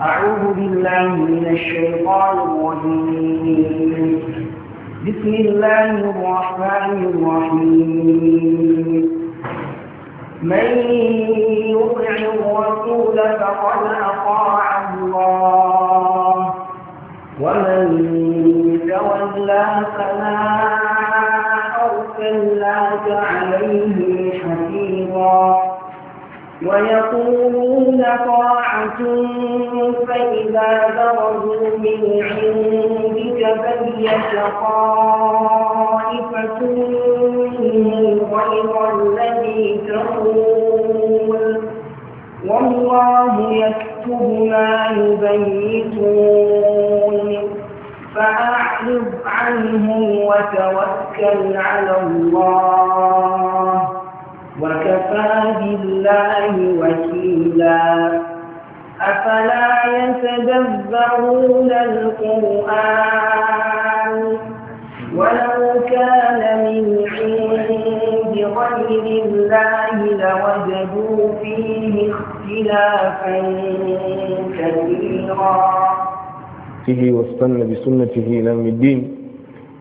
أعوذ بالله من الشيطان الرجيم بسم الله الرحمن الرحيم من يطع الرسول فقد أطاع الله ومن تولى فما أرسلناك عليه حفيظا ويقولون طاعة فإذا برزوا من عندك بيت طائفة غير الذي تقول والله يكتب ما يبيتون فأعرض عنهم وتوكل على الله وكفى بالله وكيلا أفلا يتدبرون القرآن ولو كان من عند غير الله لوجدوا فيه اختلافا كثيرا فيه واستنى بسنته إلى الدين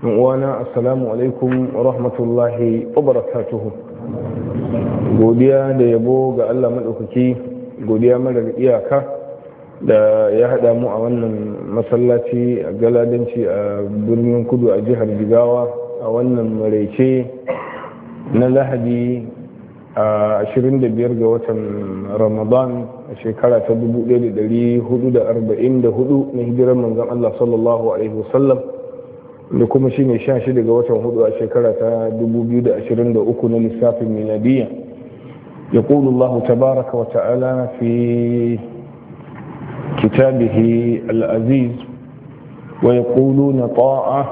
uwana assalamu alaikum wa rahmatullahi wa godiya da yabo ga Allah maɗaukaki godiya mara iyaka da ya haɗa mu a wannan masallaci a galadanci a birnin kudu a jihar jigawa a wannan maraice na lahadi a 25 ga watan ramadan a shekara ta 1444 na hijirar manzan Allah sallallahu alaihi wasallam da kuma shi ne sha shida ga watan hudu a shekara ta 2023 na lissafin miladiyya ya ƙulu Allah tabaraka wa ta'ala fi kitabihi al'aziz wa ya ƙulu na ta'a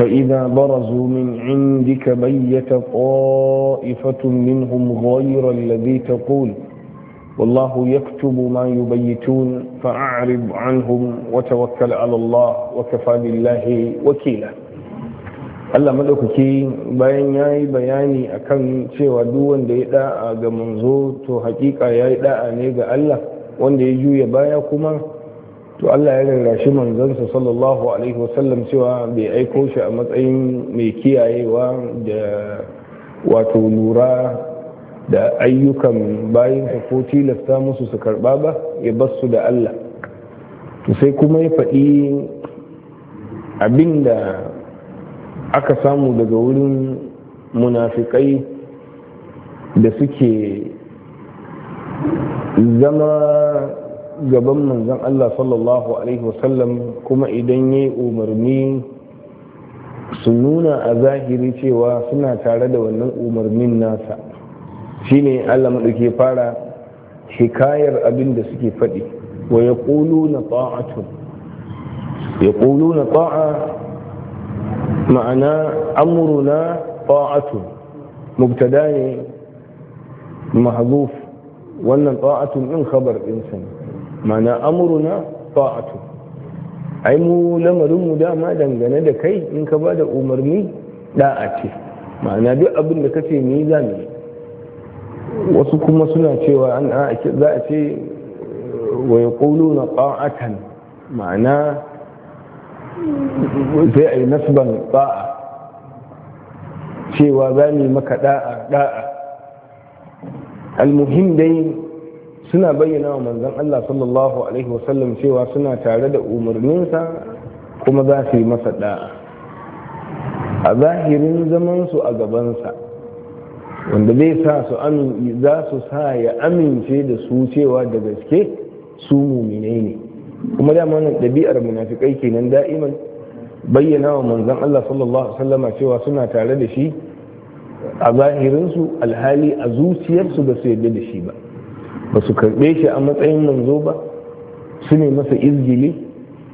فإذا برزوا من عندك بيت طائفة منهم غير الذي تقول والله يكتب ما يبيتون فأعرض عنهم وتوكل على الله وكفى بالله وكيلا Allah maɗaukaki bayan ya yi bayani a kan cewa duk wanda ya ɗa'a ga manzo to hakika ya yi ɗa'a ne ga Allah wanda ya juya baya kuma to Allah ya rarrashi manzansa sallallahu alaihi wasallam cewa bai aiko shi a matsayin mai kiyayewa da wato lura da ayyukan bayan ko tilasta musu su karba ba ya su da Allah sai kuma ya faɗi abinda aka samu daga wurin munafikai da suke zama gaban manzon Allah sallallahu Alaihi wasallam kuma idan ya umarni su nuna a zahiri cewa suna tare da wannan umarnin nasa shine Allah ke fara hikayar abin da suke faɗi wa ya ƙulu Ya ta'atun na ta'a ma'ana amuru na ta'atun mubtada ne mahazuf wannan ta'atun ɗin khabar ɗin sani. ma'ana amruna ta'atun ai mu lamarin mu dama dangane da kai in ka ba da umarni da'a ce ma'ana duk abin da kace ni za mu yi wasu kuma suna cewa an za a ce wa ƙulu na ƙa'atan ma'ana sai a yi nasban ƙa'a cewa za mu yi maka ɗa'a ɗa'a almuhim dai suna bayyana wa manzan Allah sallallahu Alaihi wasallam cewa suna tare da umarninsa kuma za su yi masa ɗa'a a zahirin zamansu a gabansa wanda zai sa su za su sa ya amince da su cewa da gaske su muminai ne kuma dama wani ɗabi'ar munafikai kenan da'iman bayyana wa manzan Allah sallallahu alaihi wasallama cewa suna tare da shi a zahirinsu alhali a zuciyarsu ba su yadda da shi ba ba su karɓe shi a matsayin manzo ba su ne masa izgili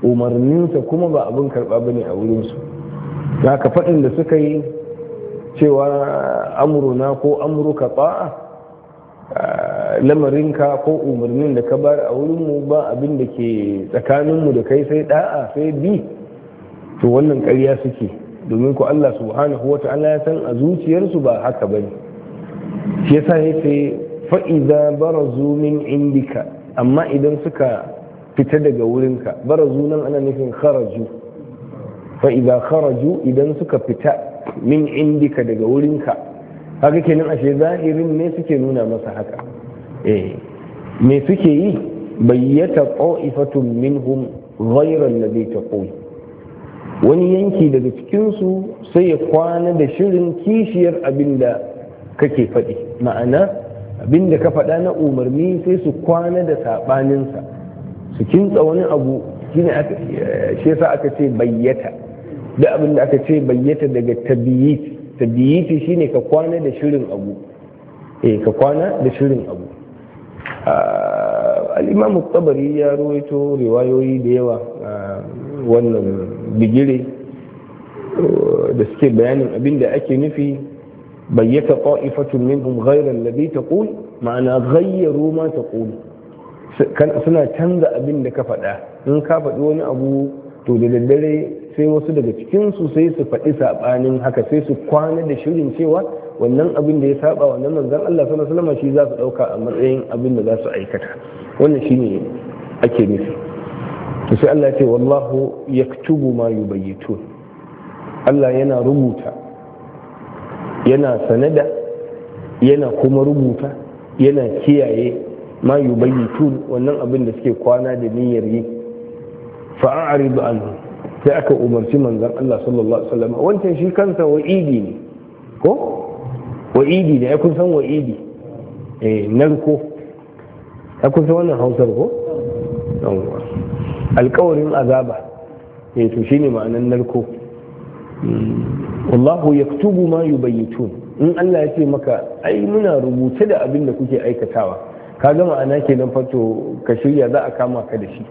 umarninsa kuma ba abin karɓa ba ne a wurinsu da haka faɗin da suka yi cewa amuruna ko amuruka ba'a eh, lamarinka ko umarnin da ka bar a wurinmu ba abin da ke tsakaninmu da kai sai da'a sai bi to wannan ƙarya suke domin ko Allah subhanahu wa ta'ala ya san a zuciyarsu ba haka bane shi yasa yace fa idza barazu min indika amma idan suka fita daga wurinka barazu nan ana nufin kharaju fa idza kharaju idan suka fita min indika daga wurinka haka kenan ashe zahirin ne suke nuna masa haka eh me suke yi bayyata qa'ifatun minhum ghayra alladhi taqul wani yanki daga cikin su sai ya kwana da shirin kishiyar abinda kake faɗi ma'ana abinda ka faɗa na umarni sai su kwana da saɓaninsa su kintsa wani abu shine shi yasa aka ce bayyata duk abin da aka ce bayyata daga tabiyiti tabiyiti shine ka kwana da shirin abu eh ka kwana da shirin abu ah, al-imam tabari ya ruwaito riwayoyi da yawa ah, wannan bigire ah, da suke bayanin abin da ake nufi bayyata qa'ifatun minhum ghayra alladhi taqul ma'ana ghayyaru ma taqul suna canza abin da ka faɗa in ka faɗi wani abu to da daddare sai wasu daga cikinsu sai su faɗi saɓanin haka sai su kwana da shirin cewa wannan abin da ya saba wannan manzan Allah sallallahu alaihi wasallam shi za su ɗauka a matsayin abin da za su aikata wannan shine ake nufi to sai Allah ya ce wallahu yaktubu ma yubayyitun Allah yana rubuta yana sanada yana kuma rubuta yana kiyaye ma yubayyitun wannan abin da suke kwana da niyyar yi fa'aridu anhu sai aka umarci manzan Allah sallallahu alaihi wasallam wancan shi kansa wa'idi ne ko wa'idi ne ya kun san wa'idi eh narko ya kun san wannan hausar ko alkawarin azaba eh to shine ma'anan narko hmm. wallahu yaktubu ma yubayyitun in Allah ya ce maka ai muna rubuce da abin da kuke aikatawa ka gama ana kenan fato ka shirya za a kama ka da shi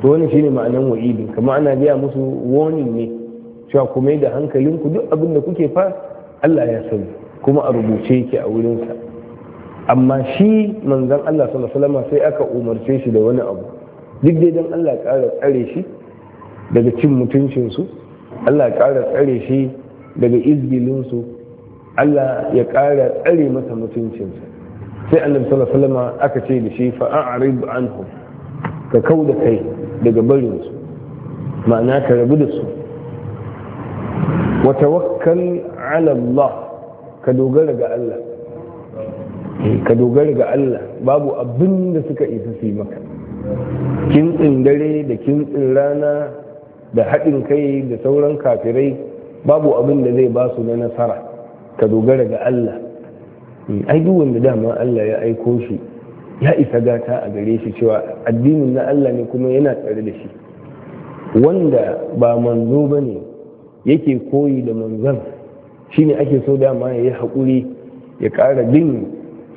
to shine ma'anan wa'idi kamar ana biya musu warning ne cewa ku mai da hankalinku duk abin da kuke fa Allah ya sani kuma a rubuce yake a wurinsa amma shi manzon Allah sallallahu alaihi wasallam sai aka umarce shi da wani abu duk dai dan Allah ya ƙara tsare shi daga cin mutuncinsu Allah ya ƙara tsare shi daga izgilinsu Allah ya ƙara tsare masa sa sai annabi sallallahu alaihi wasallam aka ce da shi fa a'rid anhum ka kauda kai daga barinsu ma'ana ka rabu da su Wata wakkan ala Allah ka dogara ga Allah eh, ka dogara ga Allah babu abin da suka isa su yi maka kintsin dare da kintsin rana da haɗin kai da sauran kafirai babu abin da zai ba su na nasara ka dogara ga Allah eh, ai duk wanda dama Allah ya aiko shi ya isa gata a gare shi cewa addinin na Allah ne kuma yana tsare da shi wanda ba manzo ba ne yake koyi da manzon ne ake so dama ya yi haƙuri ya ƙara bin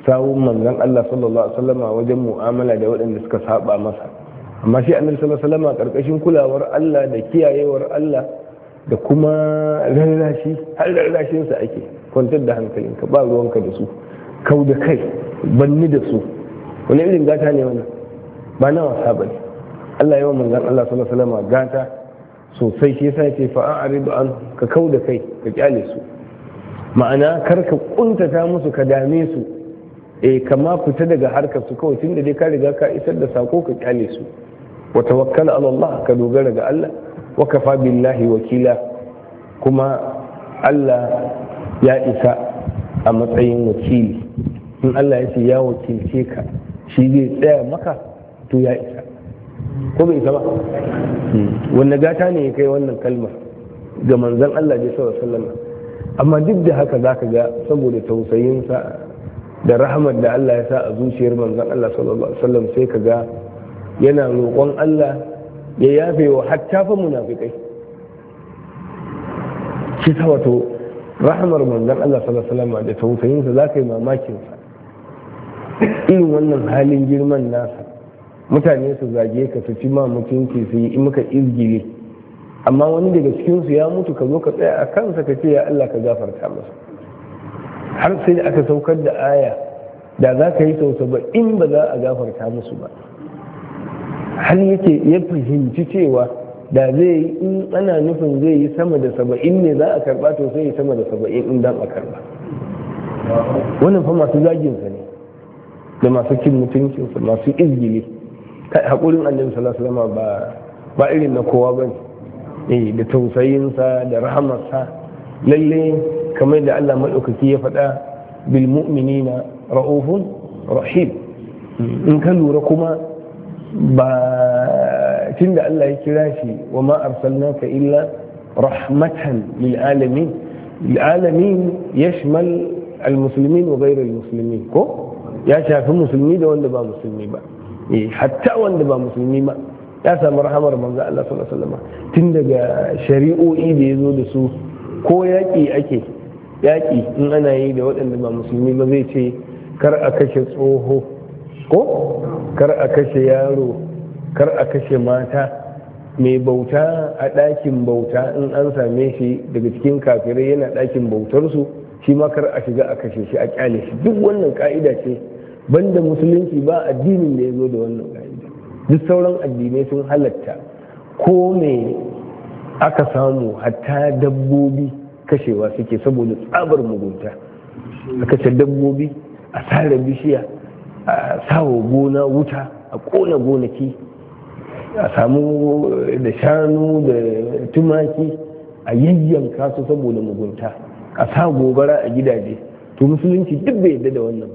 sawun manzon Allah sallallahu alaihi wasallama wajen mu'amala da waɗanda suka saba masa amma shi annabi sallallahu alaihi wasallama ƙarƙashin kulawar Allah da kiyayewar Allah da kuma rarrashi har rarrashinsa ake kwantar da hankalinka ba ruwanka da su kau da kai banni da su wani irin gata ne wani ba na wasa ba ne Allah yawan manzan Allah sallallahu alaihi wasallam gata sosai shi yasa yace fa'a aridu an ka kau da kai ka kyale su ma'ana kar ka kuntata musu ka dame su eh kama fita daga harkar su kawai tunda dai ka riga ka isar da sako ka kyale su wa tawakkal ala ka dogara ga Allah wa kafa billahi wakila kuma Allah ya isa a matsayin wakili in Allah ya ce ya wakilce ka shi zai tsaya maka to ya isa ko bai isa ba hmm. wanda gata ne ya kai wannan kalma ga manzan Allah da sallallahu sallama? amma duk da haka zaka ga saboda tausayinsa da rahmar da Allah ya sa a zuciyar manzan Allah sallallahu alaihi wasallam sai ka ga yana roƙon Allah ya yafe wa hatta fa munafikai shi ta wato rahmar manzan Allah sallallahu alaihi wasallam da tausayinsa zaka yi mamakin sa irin wannan halin girman nasa mutane su zage ka su ci ma mutunci su yi muka izgile amma wani daga cikinsu ya mutu ka zo ka tsaya a kansa ka ce ya Allah ka gafarta masa har sai da aka saukar da aya da za ka yi sau in ba za a gafarta musu ba har yake ya fahimci cewa da zai yi in ana nufin zai yi sama da saba'in ne za a karba to sai yi sama da saba'in in dan a karba wannan fa masu zagin sa da masu cin mutuncinsa masu izgili haƙurin annabi sallallahu alaihi ba ba irin na kowa ba ne eh, da tausayinsa da rahamarsa lalle kamar da Allah maɗaukaki ya faɗa bil mu'minina ra'ufun rahim in ka lura kuma ba tunda Allah ya kira shi wa ma arsalnaka illa rahmatan lil alamin lil alamin yashmal al muslimin wa ghayr al muslimin ko ya shafi musulmi da wanda ba musulmi ba eh, hatta wanda ba musulmi ba ya samu rahamar manzo Allah sallallahu alaihi wasallam tun daga shari'o'i da yazo da su ko yaƙi ake yaƙi in ana yi da waɗanda ba musulmi ba zai ce kar a kashe tsoho ko kar a kashe yaro kar a kashe mata mai bauta a ɗakin bauta in an same shi daga cikin kafirai yana ɗakin bautarsu shi ma kar a shiga a kashe shi a kyale shi duk wannan ka'ida ce banda musulunci ba addinin da ya zo da wannan ka'ida duk sauran addinai sun halatta ko me aka samu hatta dabbobi kashewa suke saboda tsabar mugunta a kashe dabbobi a sare bishiya a sawo gona wuta a kona gonaki a samu eh, da shanu da tumaki a yayyanka su saboda mugunta a sa gobara a gidaje to musulunci duk bai yadda da wannan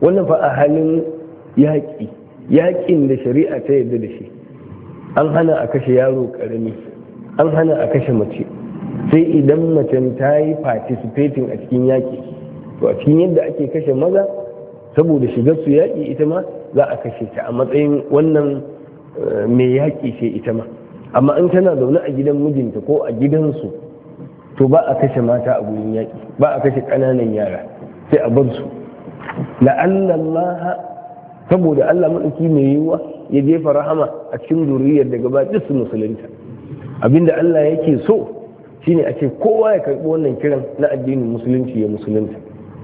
wannan fa a halin yaƙi yaƙin da shari'a ta yadda da shi an hana a kashe yaro ƙarami an hana a kashe mace sai idan mace ta yi participating a cikin yaƙi to a cikin yadda ake kashe maza saboda shigar su yaƙi ita ma za a kashe ta a matsayin wannan eh, mai yaƙi ce ita ma amma in tana zaune a gidan mijinta ko a gidansu to ba a kashe mata a gurin yaƙi ba a kashe ƙananan yara sai a bar su la'allallaha saboda Allah maɗauki mai yiwuwa ya jefa rahama a cikin zuriyar daga ba duk su musulunta abinda Allah yake so shine a ce kowa ya karɓi wannan kiran na addinin musulunci ya musulunta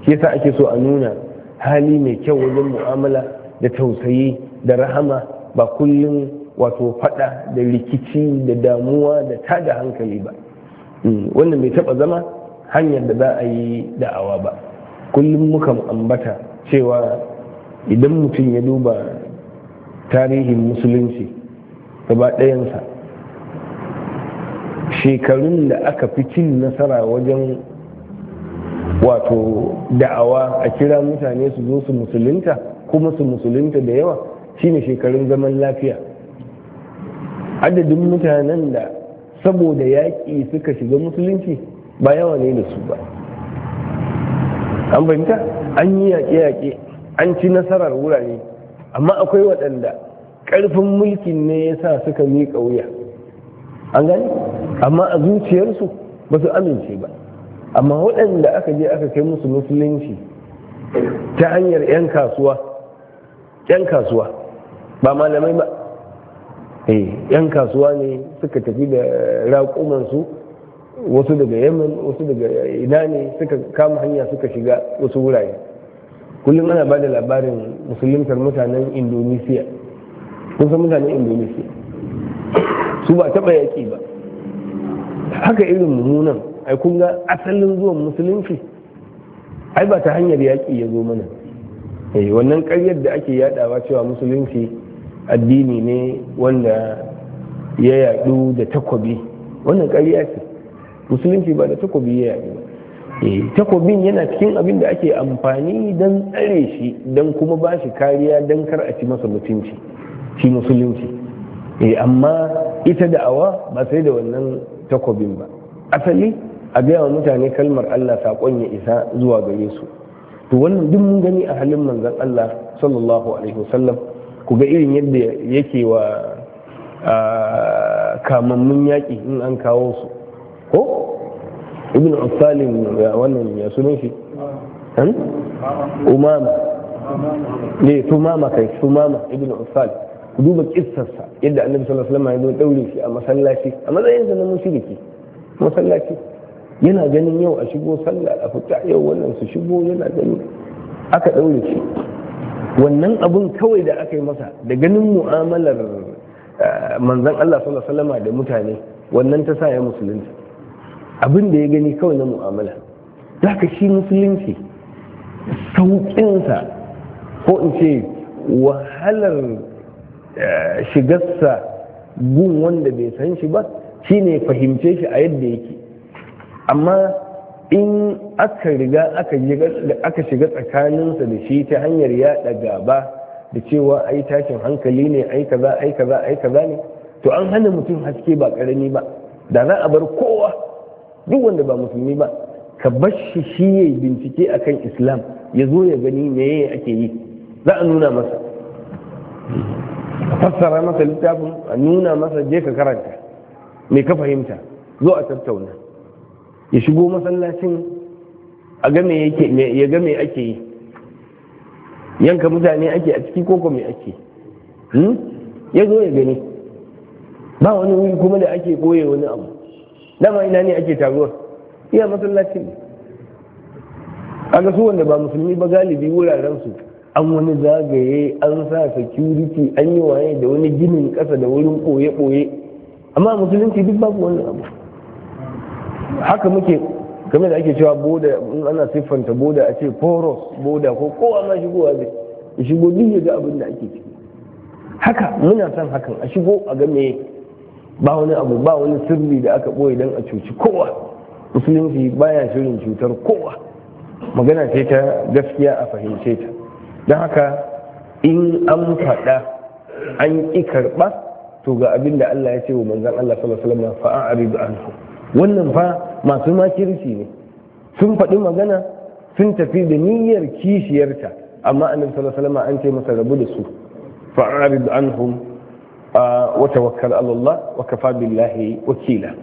shi yasa ake so a nuna hali mai kyau wajen mu'amala da tausayi da rahama ba kullum wato faɗa da rikici da damuwa da tada hankali ba Mm. wannan bai taba zama hanyar da za a yi da'awa ba kullum muka ambata cewa idan mutum ya duba tarihin musulunci gabaɗayansa, shekarun da aka fi cin nasara wajen wato da'awa a kira mutane su zo su musulunta kuma su musulunta da yawa shine shekarun zaman lafiya adadin mutanen da saboda yaƙi suka shiga musulunci ba yawa ne da su ba an fahimta an yi yaƙe-yaƙe an ci nasarar wurare amma akwai waɗanda ƙarfin mulkin ne ya sa suka miƙa wuya an gani amma a zuciyarsu ba su amince ba amma waɗanda aka je aka kai musu musulunci ta hanyar 'yan 'yan kasuwa ba malamai ba Eh, yan kasuwa ne suka tafi da raƙumansu wasu daga yemen wasu daga ina ne suka kama hanya suka shiga wasu wurare kullum ana ba da labarin musulmantar mutanen indonesiya kun san mutanen indonesiya su ba taɓa yaƙi ba haka irin mummunan ai kun ga asalin zuwan musulunci ai ba ta hanyar yaƙi ya zo mana eh, wannan ƙaryar da ake yaɗawa cewa musulunci addini ne wanda ya yadu da takobi wannan ƙarya ce musulunci ba da takobi ya yadu eh, takobin yana cikin abin da ake amfani don tsare shi don kuma ba shi kariya don kar a ci masa mutunci ci musulunci eh, amma ita da awa ba sai da wannan takobin ba asali a gaya wa mutane kalmar Allah saƙon ya isa zuwa gare su to wannan duk mun gani a halin manzan Allah sallallahu alaihi wasallam ku ga irin yadda yake wa kamammun yaƙi in an kawo su ko ibn al usalin wannan ya sunan shi An umama ne tumama kai tumama ibn al al-salim ku duba kissarsa yadda annabi sallallahu alaihi wasallam ya daure shi a masallaci a matsayin sa na mushriki masallaci yana ganin yau a shigo sallah a fita yau wannan su shigo yana ganin aka daure shi wannan abun kawai da aka yi masa da ganin mu'amalar eh, manzan Allah sallallahu alaihi da mutane wannan ta sa ya musulunci abin da ya gani kawai na mu'amala za ka shi musulunci sauƙinsa ko in ce wahalar eh, shigarsa gun wanda bai san shi ba shine fahimce shi a yadda yake amma in aka riga aka shiga tsakaninsa da shi ta hanyar yaɗa gaba da cewa ai tashin hankali ne ai kaza ai kaza ai kaza ne to an hana mutum haske ba karami ba da za a bar kowa duk wanda ba musulmi ba ka bar shi shi ya bincike akan islam ya zo ya gani me ake yi za a nuna masa fassara masa littafin a nuna masa je ka karanta me ka fahimta zo a tattauna ya shigo masallacin a game ya game ake yi yanka mutane ake a ciki koko mai ake hmm? ya zo ya gani ba wani wuri kuma da ake boye wani abu dama ina ne ake taruwar iya masallacin ga su wanda ba musulmi ba galibi wuraren su an wani zagaye an sa security an yi waye da wani ginin kasa da wurin ɓoye-ɓoye amma musulunci duk babu wannan abu haka muke game da ake cewa boda in ana siffanta boda a ce poros boda ko kowa ma shigowa zai shigo duk ya ga abin da ake ciki haka muna son hakan a shigo a game ba wani abu ba wani sirri da aka boye don a cuci kowa musulunci baya shirin cutar kowa magana ce ta gaskiya a fahimce ta don haka in an faɗa an ƙi karɓa to ga abin da Allah ya ce wa manzan Allah sallallahu alaihi wasallam fa'a'rid anhu wannan fa masu makirci ne sun faɗi magana sun tafi da niyyar kishiyarta amma annabi sallallahu alaihi wasallam an ce masa rabu da su fa'arid anhum wa tawakkal ala Allah wa kafa billahi wakila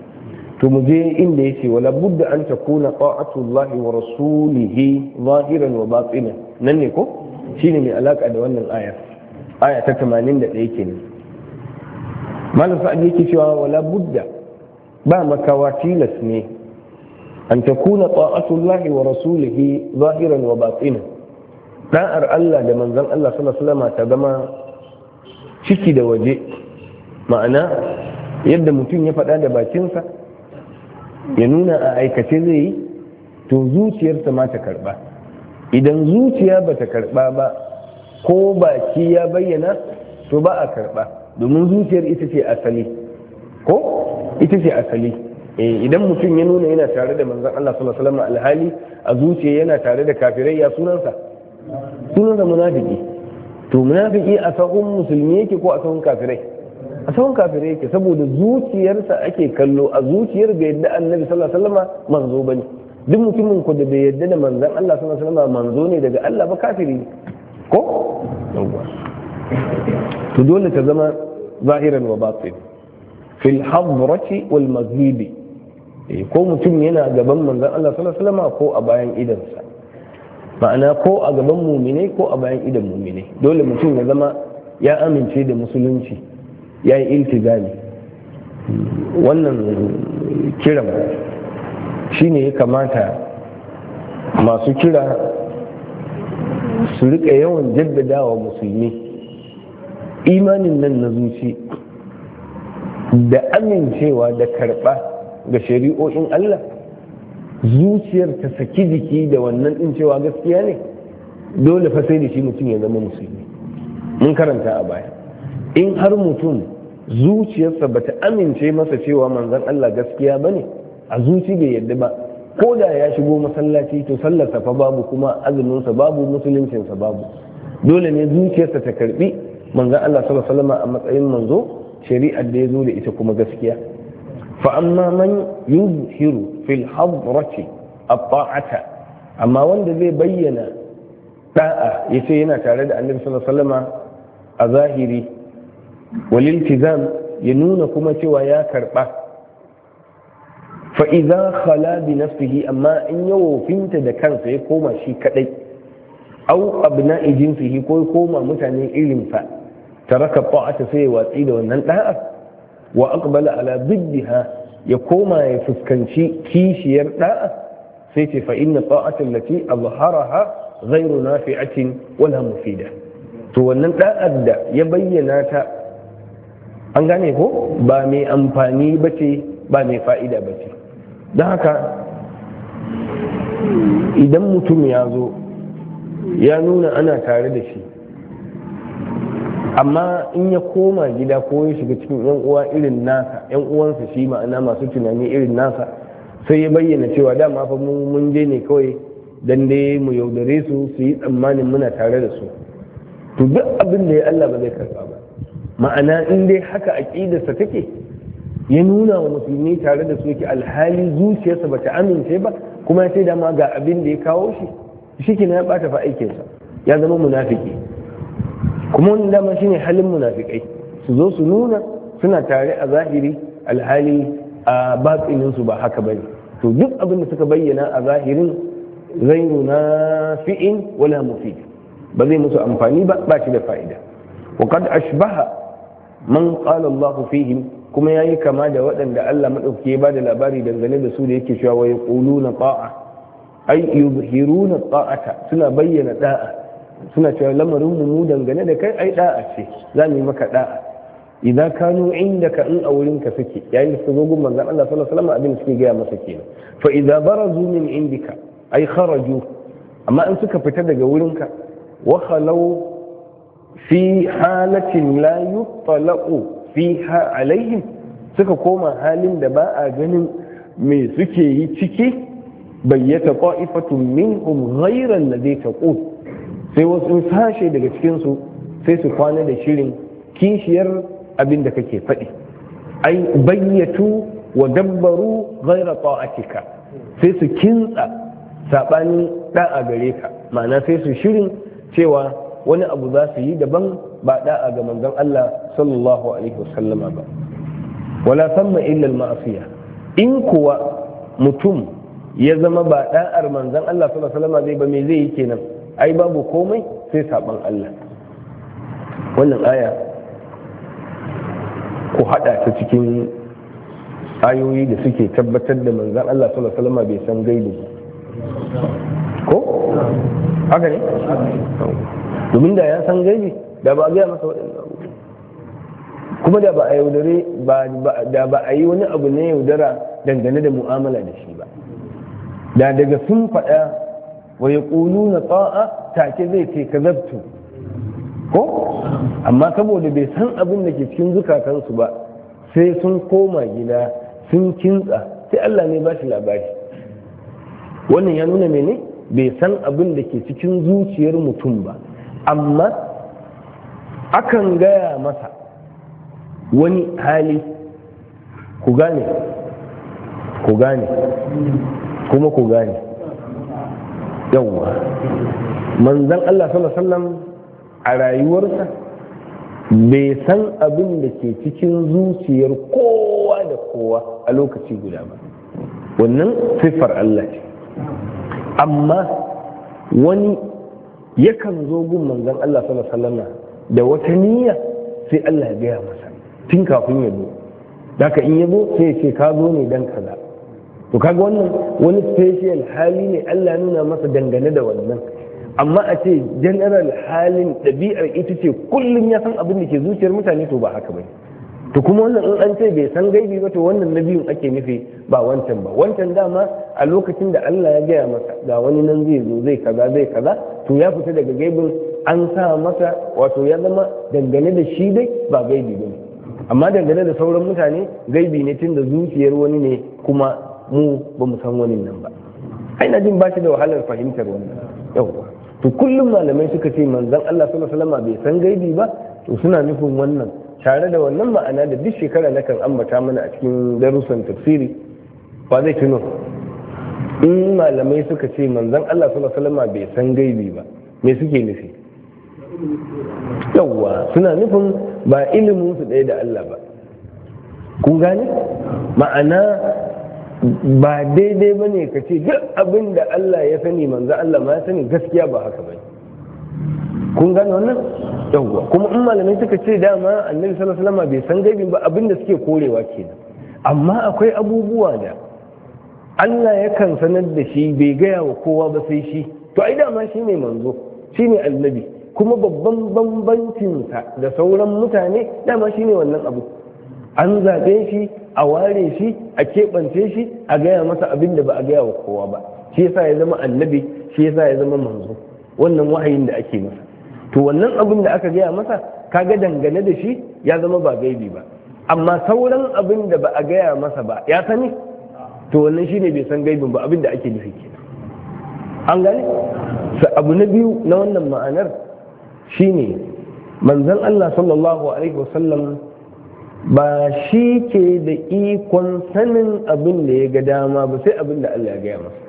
to mu je inda yace wala budda an takuna ta'atu wa rasulihi zahiran wa batinan nan ne ko shine mai alaka da wannan aya aya ta 81 kenan malam sa'ad yake cewa wala budda ba makawa tilas ne an ta kuna wa rasulihi zahiran wa batina da'ar Allah da manzon Allah sallallahu alaihi ta zama ciki da waje ma'ana yadda mutum ya faɗa da bakinsa ya nuna a aikace zai yi to zuciyarsa ma ta karba idan zuciya ba ta karba ba ko baki ya bayyana to ba a karɓa domin zuciyar ita ce asali ko ita ce asali eh, idan mutum ya nuna yana tare da manzan Allah sallallahu alaihi wasallam alhali a zuciya yana tare da kafirai ya sunansa sunansa munafiki to munafiki a sahun musulmi yake ko a sahun kafirai a sahun kafirai yake saboda zuciyarsa ake kallo a zuciyar bai yadda annabi sallallahu alaihi wasallam manzo bane duk mutumin ku da bai yadda da manzan Allah sallallahu alaihi wasallam manzo ne daga Allah ba kafiri ko to dole ta zama zahiran wa batin fil wal eh, ko mutum yana gaban manzon Allah sallallahu alaihi ko a bayan idansa ma'ana ko a gaban mumine ko a bayan idan mumine dole mutum ya zama ya amince da musulunci ya yi iltizami wannan kiran shine ya kamata masu kira su rika yawan jaddada wa musulmi imanin nan na zuci da amincewa da karɓa ga shari'o'in Allah zuciyar ta saki jiki da wannan din cewa gaskiya ne dole fa sai da shi mutum ya zama musulmi mun karanta a baya in har mutum zuciyarsa bata amince masa cewa manzon Allah gaskiya bane a zuci bai yadda ba ko da ya shigo masallaci to sallarsa fa babu kuma azuminsa babu musuluncinsa babu dole ne zuciyarsa ta karbi manzon Allah sallallahu alaihi wasallam a matsayin manzo shari'ar da ya zo da ita kuma gaskiya fa amma man yuzhiru fil hadrati at-ta'ata amma wanda zai bayyana da'a yace yana tare da annabi sallallahu alaihi a zahiri wal iltizam ya nuna kuma cewa ya karba Fa'iza idza khala bi nafsihi amma in ya wofinta da kansa ya koma shi kadai au abna'i jinsihi ko koma mutane irinsa taraka ta'ata sai watsi da wannan da'a wa aqbala ala biddiha ya koma ya fuskanci kishiyar da'a sai ce fa inna ta'ata allati azharaha ghayru nafi'atin wala mufida to wannan ɗa'ar da ya bayyana ta an gane ko ba mai amfani bace ba mai fa'ida bace don haka idan mutum ya zo ya nuna ana tare da shi amma in ya koma gida ko ya shiga cikin yan uwa irin nasa yan uwansa shi ma'ana masu tunani irin nasa sai ya bayyana cewa dama fa mun je ne kawai dan dai mu yaudare su su yi tsammanin muna tare da su to duk abin da ya Allah ba zai karba ba ma'ana in dai haka aqidarsa take ya nuna wa musulmi tare da su ke alhali zuciyarsa ba ta amince ba kuma ya ce dama ga abin da ya kawo shi shikenan ya bata fa aikinsa ya zama munafiki kuma wani dama ne halin munafikai su zo su nuna suna tare a zahiri alhali a batsinin ba haka bane to duk abin da suka bayyana a zahirin ghairu nafi'in wala mufid ba zai musu amfani ba ba shi da fa'ida wa qad ashbaha man qala Allah fihim kuma yayi kama da waɗanda Allah maɗauki ya bada labari dangane da su da yake cewa wa yaquluna ta'a ay yuzhiruna ta'ata suna bayyana da'a suna cewa lamarin mu dangane da kai ai da'a ce za mu yi maka da'a idan kanu inda ka in a wurin ka suke yayin da suka zo gun manzon Allah sallallahu alaihi wasallam abin suke gaya masa kenan fa idza barazu min indika ai kharaju amma in suka fita daga wurin ka wa khalau fi halatin la yutlaqu fiha alaihim suka koma halin da ba a ganin me suke yi ciki bayyata qa'ifatun minhum ghayra alladhi taqul sai wasu sashe daga cikinsu sai su kwana da shirin kishiyar abin da kake faɗi ai bayyatu wa dabbaru ghaira ta'atika sai su kintsa saɓanin ɗa'a gare ka ma'ana sai su shirin cewa wani abu za su yi daban ba ɗa'a ga manzon Allah sallallahu alaihi wasallama ba wala samma illa ma'asiya in kuwa mutum ya zama ba ɗa'ar manzon Allah sallallahu alaihi wasallama zai ba me zai yi kenan ai babu komai sai saban Allah wannan aya ku hada ta cikin ayoyi da suke tabbatar da manzan Allah sallallahu alaihi wasallam bai san gaibu ko haka ne domin da ya san gaibi da ba ga masa waɗannan abubuwa kuma da ba a yaudare da ba a yi wani abu ne yaudara dangane da mu'amala da shi ba da daga sun faɗa wa na ta'a take zai ce kazabtu ko amma saboda bai san abin da ke cikin zukatansu ba sai sun koma gida sun kintsa sai Allah ne ba shi labari wannan ya nuna mene bai san abin da ke cikin zuciyar mutum ba amma akan gaya masa wani hali ku gane ku gane kuma ku gane yawwa manzan Allah sallallahu alaihi a rayuwarsa bai san abin da ke cikin zuciyar kowa da kowa a lokaci guda ba wannan siffar Allah ce amma wani yakan zo gun manzan Allah sallallahu alaihi da wata niyya sai Allah ya gaya masa tun kafin ya zo daga in ya zo sai ya ce ka zo ne dan kaza to kaga wannan wani special hali ne Allah nuna masa dangane da wannan amma a ce general halin ɗabi'ar ita ce kullum ya san abin da ke zuciyar mutane to ba haka bane to kuma wannan in an ce bai san gaibi ba to wannan na biyun ake nufi ba wancan ba wancan dama a lokacin da Allah ya gaya masa ga wani nan zai zo zai kaza zai kaza to ya fita daga gaibin an sa masa wato ya zama dangane da shi dai ba gaibi ba amma dangane da sauran mutane gaibi ne tun da zuciyar wani ne kuma mu ba mu san wani nan ba ai na jin ba shi da wahalar fahimtar wani yawwa to kullum malamai suka ce manzon Allah sallallahu alaihi wasallam bai san gaibi ba to suna nufin wannan tare da wannan ma'ana da duk shekara na kan ambata mana a cikin darussan tafsiri ba zai tuno in malamai suka ce manzon Allah sallallahu alaihi wasallam bai san gaibi ba me suke nufi yawwa suna nufin ba ilimin su ɗaya da Allah ba kun gane ma'ana ba daidai ba ne ka ce duk abin da Allah ya sani manzo Allah ma ya sani gaskiya ba haka ba kun gane wannan yawwa kuma in malamai suka ce dama annabi sallallahu alaihi bai san gaibin ba abin da suke korewa kenan amma akwai abubuwa da Allah yakan sanar da shi bai gaya wa kowa ba sai shi to ai dama shi ne manzo shi ne annabi kuma babban bambancinsa da sauran mutane dama shi ne wannan abu an zaɓe shi a ware shi a keɓance shi a gaya masa abin da ba a gaya wa kowa ba shi yasa ya zama annabi shi yasa ya zama manzo wannan wahayin da ake masa to wannan abin da aka gaya masa kaga dangane da shi ya zama ba gaibi ba amma sauran abin da ba a gaya masa ba ya sani to wannan shine bai san gaibin ba abin da ake nufi kenan an gane abu na biyu na wannan ma'anar shine manzon Allah sallallahu alaihi wasallam ba shi ke da ikon sanin abin da ya ga dama ba sai abin da Allah ya gaya masa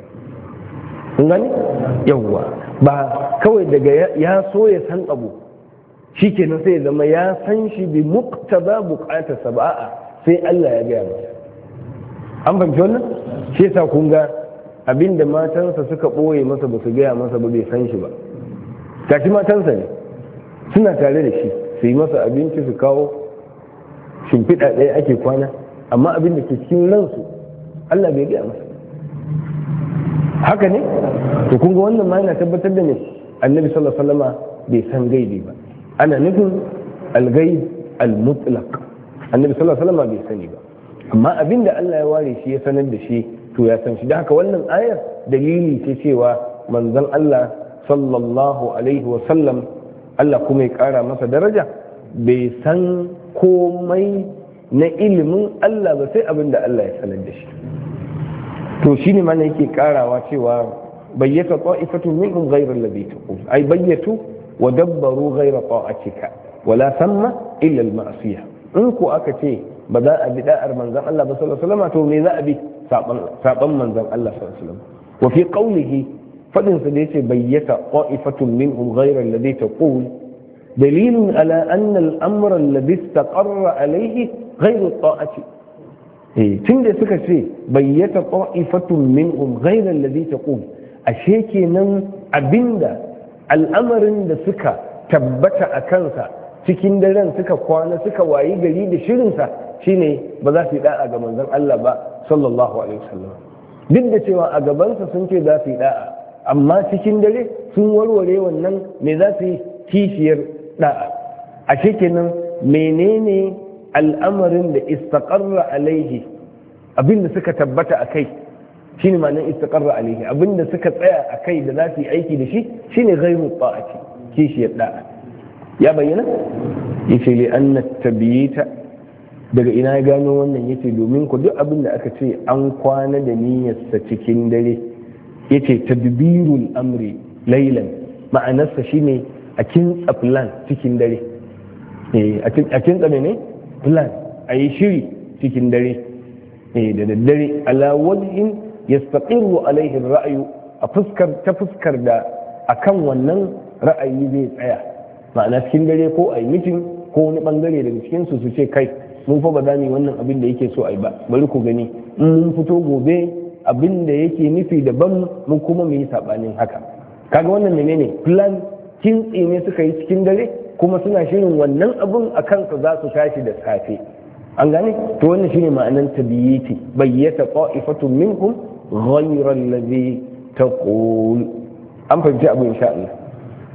gani yawwa ba kawai daga ya so ya san abu shi ke sai ya zama ya san shi bi muktaba bukatar saba'a sai Allah ya gaya masa an fahimci wannan shi yasa kun ga abin da matansa suka ɓoye masa ba su gaya masa ba bai san shi ba shi matansa ne suna tare da shi su yi masa abinci su kawo shimfiɗa ɗaya ake kwana amma abin da ke cikin ransu Allah bai gaya masa haka ne to kun ga wannan ma yana tabbatar da ne annabi sallallahu alaihi wasallama bai san gaibi ba ana nufin algai almutlaq annabi sallallahu alaihi wasallama bai sani ba amma abin da Allah ya ware shi ya sanar da shi to ya san shi da haka wannan ayar dalili ce cewa manzon Allah sallallahu alaihi wasallam Allah kuma ya kara masa daraja bai san komai na ilimin Allah ba sai abin da Allah ya sanar da shi to shi ne mana yake karawa cewa bayyata ta'ifatu minhum ghayra alladhi taqul Ai bayyatu wa dabbaru ghayra ta'atika wala thamma illa al-ma'siyah in ku aka ce ba za a bi da'ar manzon Allah ba sallallahu alaihi wasallam to me za a bi saban saban manzon Allah sallallahu alaihi wasallam wa fi qawlihi fadin sa da yace bayyata ta'ifatun minhum ghayra alladhi taqul Dalilin ala anna al'amr alladhi istaqarra alayhi ghayru ta'ati eh tunda suka ce bayyata qa'ifatun minhum ghayra alladhi taqum ashe kenan abinda al'amarin da suka tabbata a kansa cikin daren suka kwana suka wayi gari da shirinsa shine ba za su yi da'a ga manzon Allah ba sallallahu alaihi wasallam duk da cewa a gabansa sun ce za su yi da'a amma cikin dare sun warware wannan me za su yi kishiyar a kenan menene al'amarin da istaqarra alaihi abinda suka tabbata a kai shine ma'anar istaqarra alaihi abinda suka tsaya a kai da za su yi aiki da shi shine ghairu ta'ati kishiyar da'a ya bayyana yace li anna tabiyita daga ina ya gano wannan yace domin ku duk abin da aka ce an kwana da niyyarsa cikin dare yace tadbirul amri laylan ma'anarsa shine a kintsa plan cikin dare eh, a kintsa ne plan a yi shiri cikin dare eh, da daddare ala ya yastaqirru alaihin ra'ayu a fuskar ta fuskar da a kan wannan ra'ayi zai tsaya ma'ana cikin dare ko a yi mitin ko wani bangare daga cikin su ce kai mun fa ba za mu wannan abin da yake so a yi ba bari ku gani in mun fito gobe abin da yake nufi daban mu kuma mu yi sabanin haka kaga wannan menene plan kintsi ne suka yi cikin dare kuma suna shirin wannan abun a kansa za su tashi da safe an gane to wannan shine ma'anar tabiyyati bayyata qa'ifatun minkum ghayra allazi taqul an fahimci abu insha Allah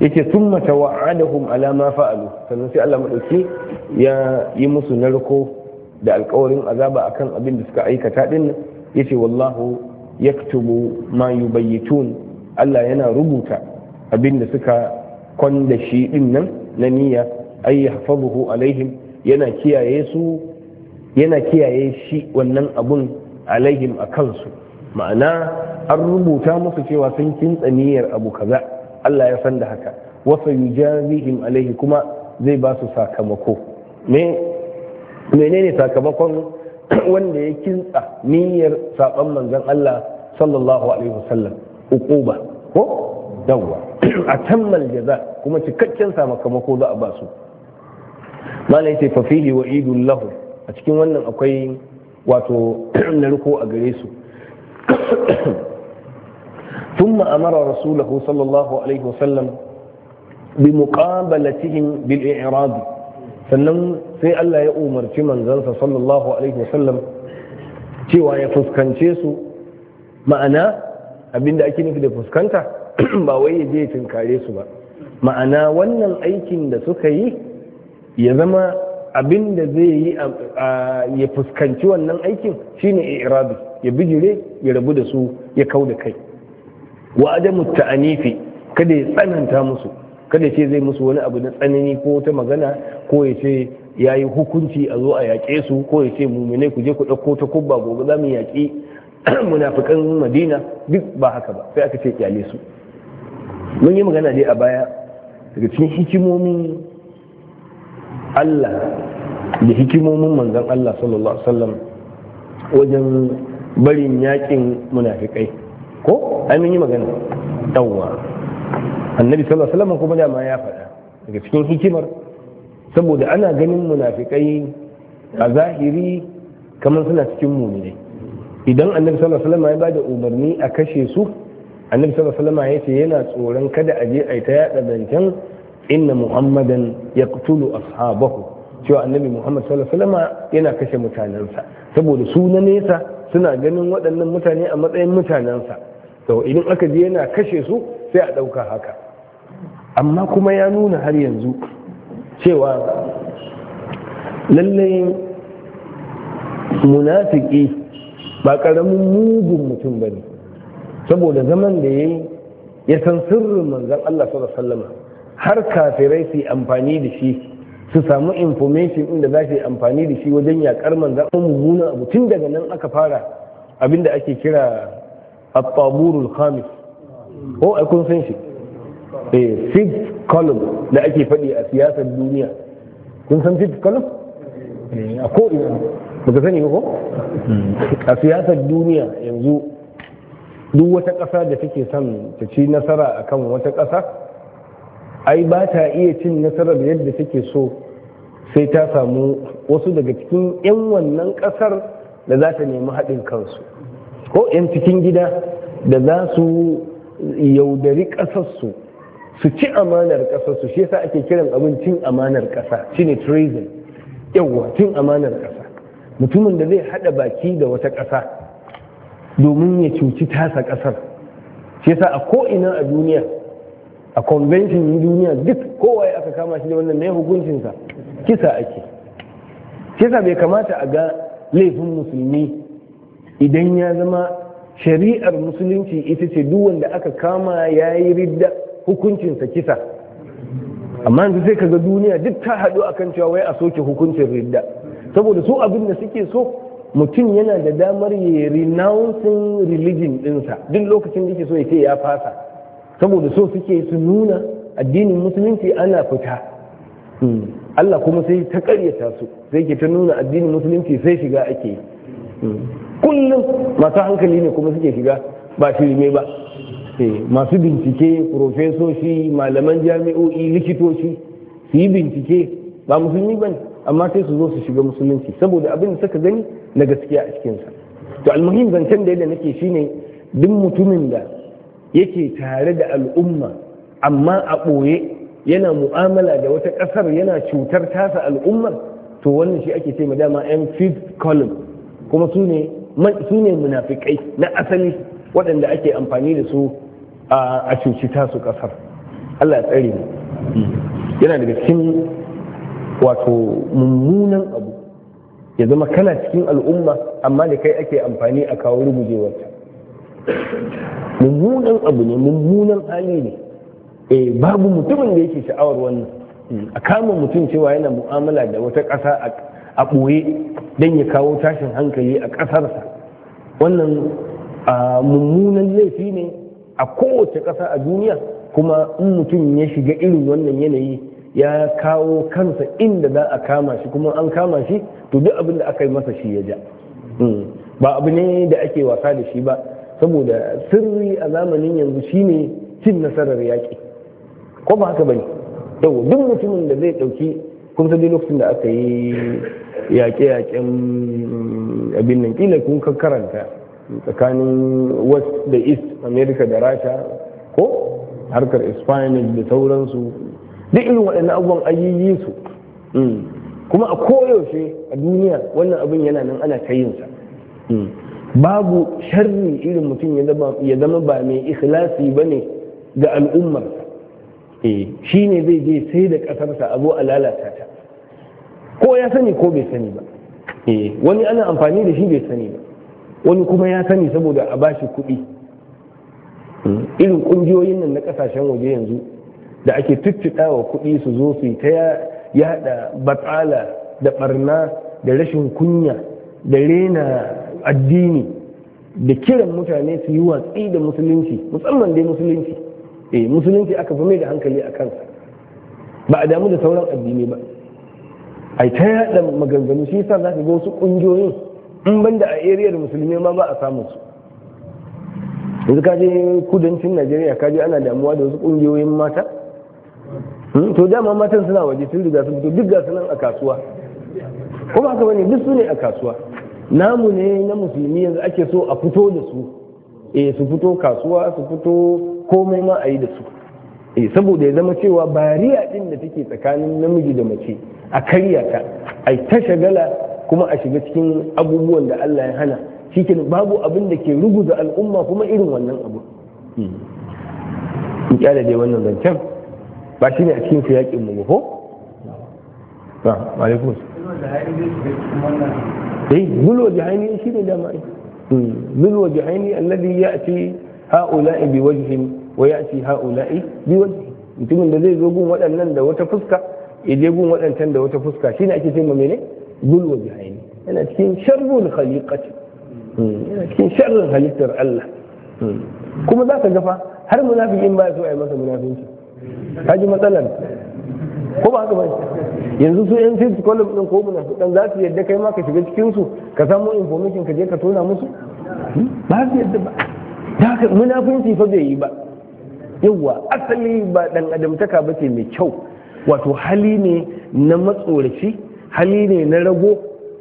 yake summa tawa'adahum ala ma fa'alu sannan sai Allah madauki ya yi musu narko da alƙawarin azaba akan abin da suka aikata din yace wallahu yaktubu ma bayyatun Allah yana rubuta abin da suka kon da shi ɗin nan na niyya ay yahfazuhu alaihim yana kiyaye su yana kiyaye shi wannan abun alaihim a kansu ma'ana an rubuta musu cewa sun kintsa niyyar abu kaza Allah ya san da haka wasa yujazihim alaihi kuma zai ba su sakamako me menene sakamakon wanda ya kintsa niyyar saban manzon Allah sallallahu alaihi wasallam uquba ko dawwa a tammal jaza kuma cikakken sakamako za a ba su malai ce fa wa idul lahu a cikin wannan akwai wato narko a gare su ثم أمر رسوله صلى الله عليه وسلم بمقابلتهم بالإعراض sannan sai Allah ya umarci manzansa sallallahu alaihi wasallam cewa ya fuskance su ma'ana abinda ake nufi da fuskanta ba wai ya je tunkare su ba ma'ana wannan aikin da suka yi ya zama abin da zai yi ya fuskanci wannan aikin shine irabi ya bijire ya rabu da su ya kau da kai wa adamu ta'anifi kada ya tsananta musu kada ce zai musu wani abu na tsanani ko ta magana ko ya ce ya yi hukunci a zo a yaƙe su ko ya ce mumine ku je ku ɗauko ta kubba gobe za mu yaƙi munafukan madina duk ba haka ba sai aka ce kyale su mun yi magana dai a baya daga cikin hikimomin Allah da hikimomin manzan Allah sallallahu alaihi wasallam wajen barin yakin munafikai ko ai mun yi magana yawwa annabi sallallahu alaihi wasallam kuma da ma ya faɗa daga cikin hikimar saboda ana ganin munafikai a zahiri kamar suna cikin muminai idan annabi sallallahu alaihi wasallam ya bada umarni a kashe su annabi sallallahu alaihi ya ce yana tsoron kada a je a ta yada zancen inna muhammadan yaqtulu ashabahu cewa annabi muhammad sallallahu alaihi yana kashe mutanansa. saboda su na nesa suna ganin waɗannan mutane a matsayin mutanensa to idan aka je yana kashe su sai a ɗauka haka amma kuma ya nuna har yanzu cewa lallai munafiki ba ƙaramin mugun mutum bane. saboda zaman da ya yi ya san sirrin manzan Allah Sallama har kafirai su yi amfani da shi su samu information inda za su yi amfani da shi wajen yakar manzan mummunan abu tun daga nan aka fara abin da ake kira Abbaburul taburul khamis ko a kun san shi eh fifth column da ake faɗi a siyasar duniya kun san fifth column eh, a ko ina baka sani ko hmm. a siyasar duniya yanzu duk wata ƙasa da take son ta ci nasara a kan wata ƙasa ai ba ta iya cin nasarar yadda take so sai ta samu wasu daga cikin 'yan wannan ƙasar da za ta nemi haɗin kansu ko 'yan cikin gida da za su yaudari ƙasarsu su ci amanar ƙasarsu shi yasa ake kiran abin cin amanar ƙasa shi ne treason yawwa cin amanar ƙasa mutumin da zai haɗa baki da wata ƙasa domin ya cuci tasa ƙasar shi yasa a ko'ina a duniya a convention duniya duk kowa ya aka kama shi da wannan mai hukuncinsa kisa ake shi yasa bai kamata a ga laifin musulmi idan ya zama shari'ar musulunci ita ce duk wanda aka kama ya yi ridda hukuncinsa kisa amma yanzu sai ga duniya duk ta haɗu akan cewa wai a soke hukuncin ridda saboda su abin da suke so mutum yana da damar ya renouncing religion dinsa duk lokacin da yake so ya ce ya fasa saboda so suke su nuna addinin musulunci ana fita hmm. Allah kuma sai ta karyata su sai ke ta nuna addinin musulunci sai shiga ake yi hmm. kullum masu hankali ne kuma suke shiga ba shirme ba eh, masu bincike profesoshi malaman jami'o'i likitoci su yi bincike ba musulmi ba ne amma sai su zo su shiga musulunci saboda abin da suka gani na gaskiya a cikinsa to almuhim zancen da yadda nake shine duk mutumin da yake tare da al'umma amma a ɓoye yana mu'amala da wata ƙasar yana cutar tasa al'ummar to wannan shi ake ce ma dama yan fifth column kuma su ne munafikai na asali waɗanda ake amfani da su a cuci tasu ƙasar allah ya tsare mu yana daga cikin wato mummunan abu ya zama kana cikin al'umma amma da kai ake amfani a kawo rugujewarta mummunan abu ne mummunan hali ne eh babu mutumin da yake sha'awar wannan a kama mutum cewa yana mu'amala da wata ƙasa a ɓoye don ya kawo tashin hankali a ƙasarsa wannan mummunan laifi ne a kowace ƙasa a duniya kuma in mutum ya shiga irin wannan yanayi ya kawo kansa inda za a kama shi kuma an kama shi to duk abin da aka yi masa shi ya ja hmm. ba abu ne da ake wasa da shi ba saboda sirri a zamanin yanzu shine cin nasarar yaƙi ko ba haka bane yau duk mutumin da zai ɗauki kun san lokacin da aka yi yaƙe-yaƙen abin nan kila kun karanta tsakanin west da east america da rasha ko harkar ispanish da sauransu duk irin waɗannan abubuwan ayyuyi su kuma a koyaushe a duniya wannan abin yana nan ana ta yinsa babu sharri irin mutum ya zama ba mai ikhlasi ba ne ga al'ummarsa eh, shi ne zai je sai da ƙasarsa a zo a lalata ta ko ya sani ko bai sani ba eh, wani ana amfani da shi bai sani ba wani kuma ya sani saboda a bashi kuɗi hmm, irin ƙungiyoyin nan na ƙasashen waje yanzu da ake tuttuɗa wa kuɗi su zo su yi ta yada batsala da ɓarna, da rashin kunya da rena addini da kiran mutane su yi watsi da musulunci musamman dai musulunci eh musulunci aka fi mai da hankali a kansa ba a damu da sauran addini ba a ta yada maganganu shi yasa za ka ga wasu ƙungiyoyin in banda a eriyar musulmi ma ba a samun su yanzu kaje kudancin najeriya kaje ana damuwa da wasu ƙungiyoyin mata Hmm? to dama matan suna waje sun riga sun fito duk ga nan a kasuwa ko ba ka bane duk su ne a kasuwa namu ne na musulmi yanzu ake so a fito da su eh su fito kasuwa su fito komai ma a yi da su eh saboda ya zama cewa bariya din da take tsakanin namiji da mace a karya ta ai ta shagala kuma a shiga cikin abubuwan da Allah ya hana shikenan babu abin da ke ruguza al'umma kuma irin wannan abu in hmm. kyale dai wannan zancen ba shi ne a cikin su yaƙin mu ko ba alaikum eh wa jahani shi ne dama ai hmm, zulwa jihaini alladhi ya'ti ha'ula'i bi wajhin wa ya'ti ha'ula'i bi wajhin mutumin da zai zo gun waɗannan da wata fuska ya je gun waɗancan da wata fuska Shi ne ake cewa mene wa jahani. yana cikin sharrul khaliqati hmm, yana cikin sharrin halittar Allah hmm. kuma za ka gafa har munafikin ba ya so a yi masa munafinci kaji matsalar ko ba haka ba yanzu su yan fifth column din ko muna dan za su yadda kai ma ka shiga cikin su ka samu information ka je ka tona musu hmm? ba su yadda ba haka munafunci fa bai yi ba yawwa asali ba dan adamtaka ba ce mai kyau wato hali ne na matsoraci hali ne na rago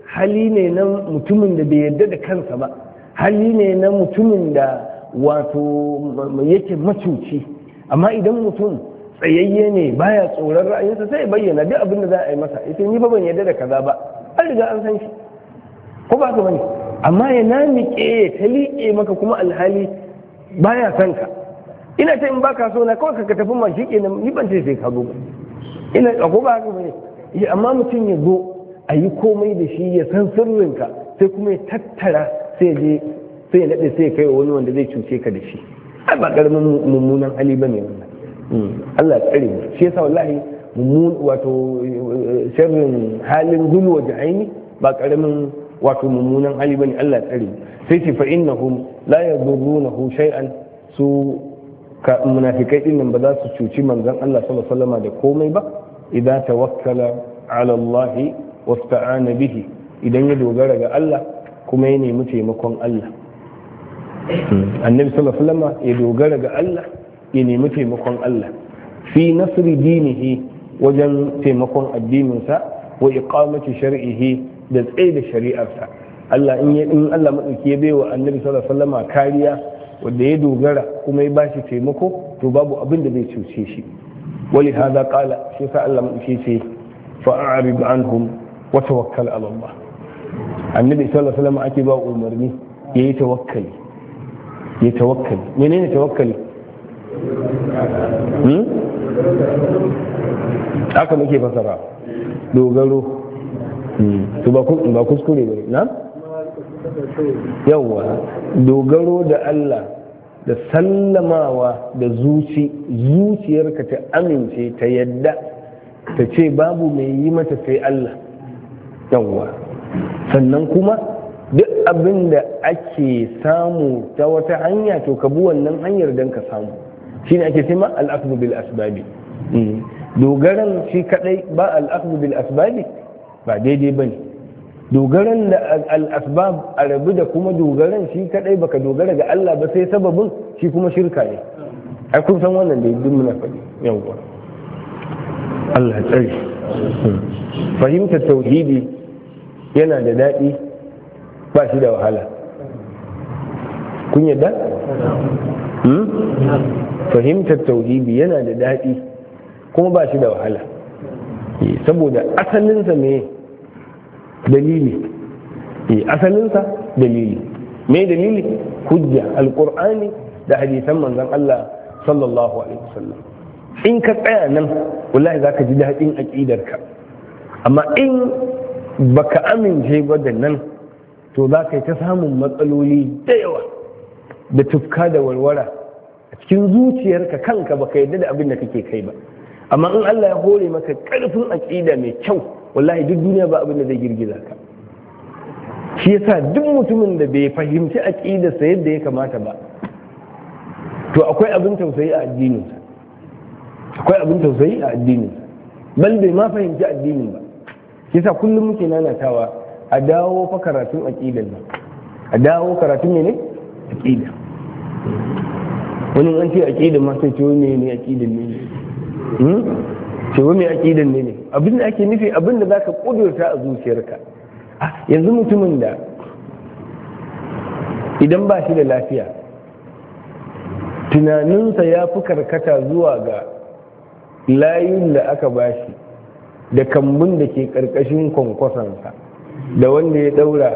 hali ne na mutumin da bai yadda da kansa ba hali ne na mutumin da wato yake macuci amma idan mutum tsayayye ne baya tsoron ra'ayinsa sai bayyana duk abin da za a yi masa ita ni fa ban yadda da kaza ba an riga an san shi ko ba ka bane amma ya namike ya maka kuma alhali baya san ka ina ta in ba ka so na kawai ka tafi ma shi kenan ni ban sai ka zo ina ka ko ba ka bane amma mutum ya zo a yi komai da shi ya san sirrin ka sai kuma ya tattara sai je sai ya naɗe sai ya kai wani wanda zai cuce ka da shi ba ƙaramin mummunan hali ba ne wannan Allah ya tsare mu shi yasa wallahi mun wato sharrin halin gulwa wa ja'ini ba karamin wato mummunan hali bane Allah ya tsare mu sai ce fa innahum la yadurunahu shay'an su ka munafikai din nan ba za su cuci manzon Allah sallallahu alaihi wasallam da komai ba idan tawakkala ala Allah wasta'ana bihi idan ya dogara ga Allah kuma ya nemi taimakon Allah annabi sallallahu alaihi wasallam ya dogara ga Allah ya nemi taimakon Allah fi nasri dinihi wajen taimakon addininsa wa iqamati shar'ihi da tsaye da shari'arsa Allah in in Allah madauki ya bai wa Annabi sallallahu alaihi wasallama kariya wanda ya dogara kuma ya bashi taimako to babu abin da zai cuce shi wali hada qala shi sa Allah madauki ce fa fa'arid anhum wa tawakkal ala Allah Annabi sallallahu alaihi wasallama ake ba umarni yayi tawakkali yayi tawakkali menene tawakkali Hmm? haka muke fasara dogaro hmm. ba kuskure ne na yawwa dogaro da Allah da sallamawa da zuci zuciyarka ta amince ta yadda ta ce babu mai yi mata sai Allah yawwa sannan kuma duk abinda ake samu ta wata hanya to ka bi wannan hanyar don ka samu ne ake sima al bil asbabi hmm. dogaran shi kadai ba al bil asbabi ba daidai ne dogaran da al a rabu da kuma dogaran shi kadai baka dogara ga Allah ba sai sababin shi kuma shirka ne a kun san wannan da yadda muna faɗi yawwa Allah tsari fahimtar tauhidi yana da daɗi ba shi da wahala kun yadda Hmm? fahimtar tauhidi yana da daɗi kuma ba shi da wahala eh, saboda asalinsa me dalili eh, asalinsa dalili me dalili hujja alkur'ani da hadisan manzon Allah sallallahu alaihi wasallam in ka tsaya nan wallahi zaka ji daɗin ka amma in baka amince ba da nan to za ka yi ta samun matsaloli da yawa da tufka da warwara a cikin zuciyarka kanka ba ka yadda da abin da kake kai ba amma in Allah ya hore maka karfin aqida mai kyau wallahi duk duniya ba abin da zai girgiza ka shi yasa duk mutumin da bai fahimci sa yadda ya kamata ba to akwai abin tausayi a addinin akwai abin tausayi a addinin bal bai ma fahimci addinin ba yasa kullum muke nanatawa a dawo fa karatun aqidan nan a dawo karatun ne aqida wani an ce aqidan ma sai ce wani ne aqidan ne ce hmm? wani aqidan ne abin da ake nufi abin da zaka kudurta a zuciyarka yanzu mutumin da idan ba shi da lafiya tunaninsa ya fi karkata zuwa ga layin da aka bashi da kambun da ke karkashin sa da wanda ya daura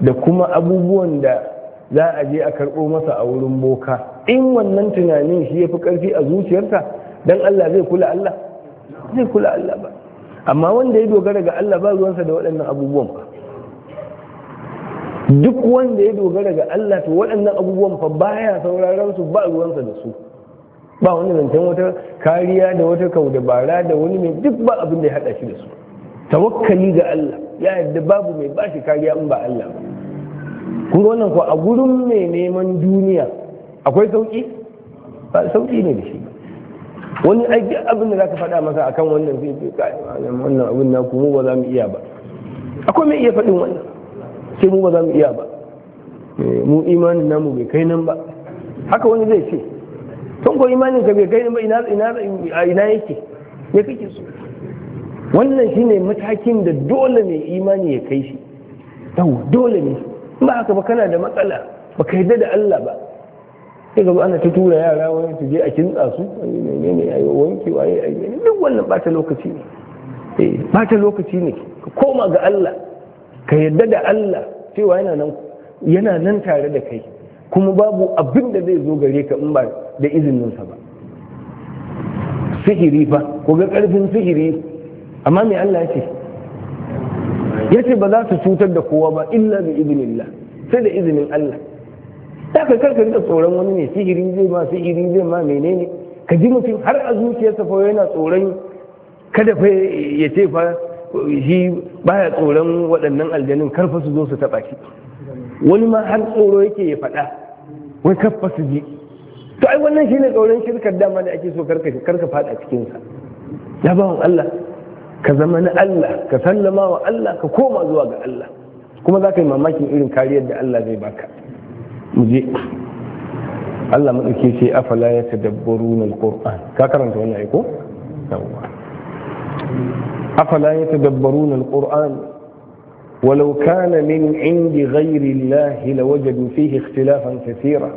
da kuma abubuwan da za a je a karɓo masa a wurin boka in wannan tunanin shi ya fi ƙarfi a zuciyarsa don Allah zai kula Allah zai kula Allah ba amma wanda ya dogara ga Allah ba ruwansa da waɗannan abubuwan ba duk wanda ya dogara ga Allah to waɗannan abubuwan fa baya sauraron su ba ruwansa da su ba wani zancen wata kariya da wata kaudabara da wani mai duk ba abin da ya haɗa shi da su tawakkali ga Allah ya yadda babu mai bashi kariya in ba Allah ba kun ga wannan ko a gurin mai neman duniya akwai sauki ba sauki ne da shi wani aiki abin da zaka faɗa masa akan wannan zai ce kai wannan abin na mu ba za mu iya ba akwai mai iya faɗin wannan sai mu ba za mu iya ba eh, mu imanin namu bai kai nan ba haka wani zai ce tun ko imanin ka bai kai nan ba ina ina ina yake me kake so wannan shine matakin da dole mai imani ya kai shi dole ne ba haka ba kana da matsala ba ka yadda da Allah ba sai gaba ana ta tura yara wani su je a kintsa su ne ne ayi wanki waye ayi ne duk wannan ba ta lokaci ne eh ta lokaci ne ka koma ga Allah ka yadda da Allah cewa yana nan yana nan tare da kai kuma babu abin da zai zo gare ka in ba da izinin sa ba sihiri fa ko ga karfin sihiri amma me Allah ya ce ya ce ba za su cutar da kowa ba illa bi iznillah sai da izinin Allah ta ka karka da tsoron wani ne sihirin zai ma zai ma menene ka ji mutum har a zuciyarsa fa yana tsoron kada fa ya ce fa shi baya tsoron waɗannan aljanun karfa su zo su taɓa shi wani ma har tsoro yake ya faɗa wai karfa su ji to ai wannan shine tsoron shirkar dama da ake so karka karka faɗa cikinsa ya bawa Allah ka zama na Allah ka sallama wa Allah ka koma zuwa ga Allah kuma za ka yi mamakin irin kariyar da Allah zai baka mu je Allah maɗauke ce afala ya tadabbaru na alƙur'an ka karanta wannan aiko? afala ya tadabbaru na alƙur'an walau kana min indi ghairi lahi la wajadu fihi ikhtilafan kathira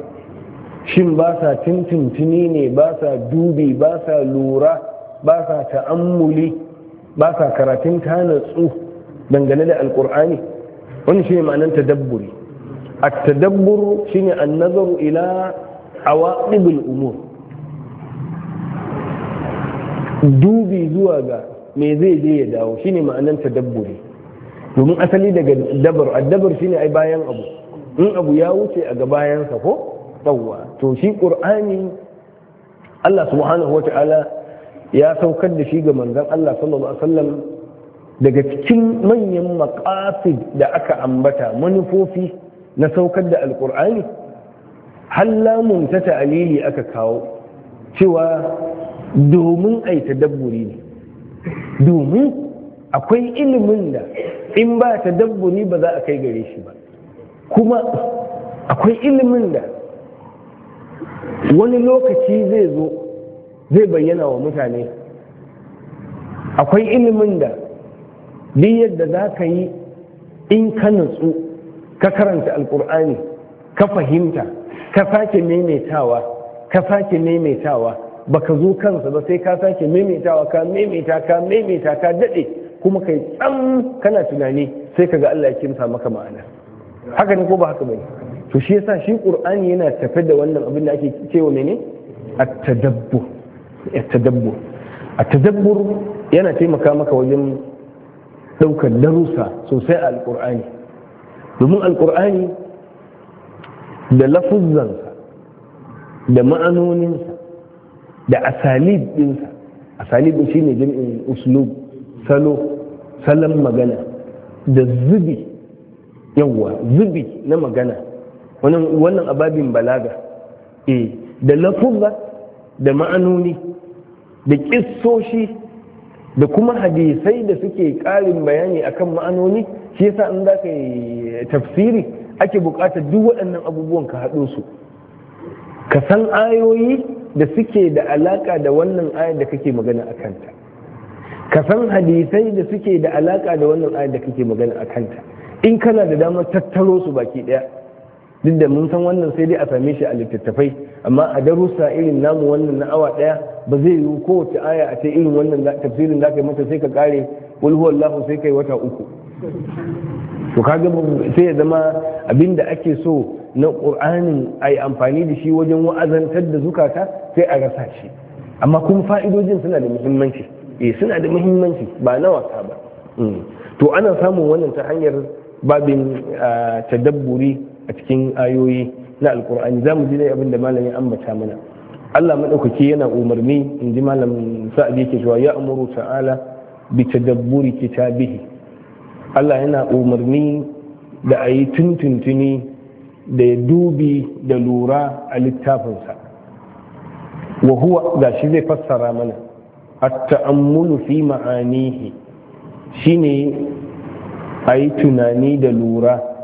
shin ba sa tintintini ne ba sa dubi ba sa lura ba sa ta'ammuli ba sa karatun ta natsu dangane da alkur'ani wani shi ne ma'anar tadabburi a tadabbur shi ne an nazaru ila awa ɗibin umur dubi zuwa ga me zai je ya dawo shi ne ma'anar tadabburi domin asali daga dabar addabar shi ne ai bayan abu in abu ya wuce a bayansa ko yawwa to shi ƙur'ani allah subhanahu wa ta'ala ya saukar da shi ga manzan Allah sallallahu alaihi wasallam daga cikin manyan makafi da aka ambata manufofi na saukar da Har halamun ta ta'alili aka kawo cewa domin aita tadabburi ne domin akwai ilimin da in ba tadabburi ba za a kai gare shi ba kuma akwai ilimin da wani lokaci zai zo zai bayyana wa mutane akwai ilimin da duk yadda za ka yi in ka nutsu ka karanta alkur'ani ka fahimta ka sake maimaitawa ka sake maimaitawa baka zo kansa ba sai ka sake maimaitawa ka maimaita ka maimaita ka daɗe kuma kai tsam kana tunani sai ka ga Allah ya kimsa maka ma'ana haka ne ko ba haka bane to shi yasa shi qur'ani yana tafe da wannan abin da ake cewa mene at-tadabbur tadabbur a tadabbur yana taimaka maka wajen ɗaukar darussa sosai a alƙur'ani domin alƙur'ani da lafuzzansa da ma'anoninsa da asalib ɗinsa asalib shi ne jami'in uslub salo salon magana da zubi yawwa zubi na magana wannan ababin balaga eh da lafuzza da ma'anoni da kissoshi da kuma hadisai da suke ƙarin bayani akan ma'anoni shi yasa in za ka yi tafsiri ake buƙatar duk waɗannan abubuwan ka haɗo su ka san ayoyi da suke da alaƙa da wannan ayar da kake magana a kanta ka san hadisai da suke da alaƙa da wannan ayar da kake magana a kanta in kana da damar tattaro su baki ɗaya duk da mun san wannan sai dai a same shi a littattafai amma a darussa irin namu wannan na awa daya ba zai yiwu kowace aya a ce irin wannan tafsirin za ka yi mata sai ka kare wal huwallahu sai kai wata uku to kaga sai ya zama abinda ake so na a yi amfani da shi wajen wa'azantar da zukata sai a rasa shi amma kuma fa'idojin suna da muhimmanci eh suna da muhimmanci ba na wasa ba hmm. to ana samun wannan ta hanyar babin ah, tadabburi a cikin ayoyi na alkur'ani za mu ji dai abin da malamin ambata mana Allah madaukaki yana umarni in ji malamin sa'adi yake cewa ya amuru ta'ala bi tadabburi kitabihi Allah yana umarni da ayi tuntuntuni da ya dubi da lura a littafinsa wa huwa shi zai fassara mana at-ta'ammulu fi ma'anihi shine ayi tunani da lura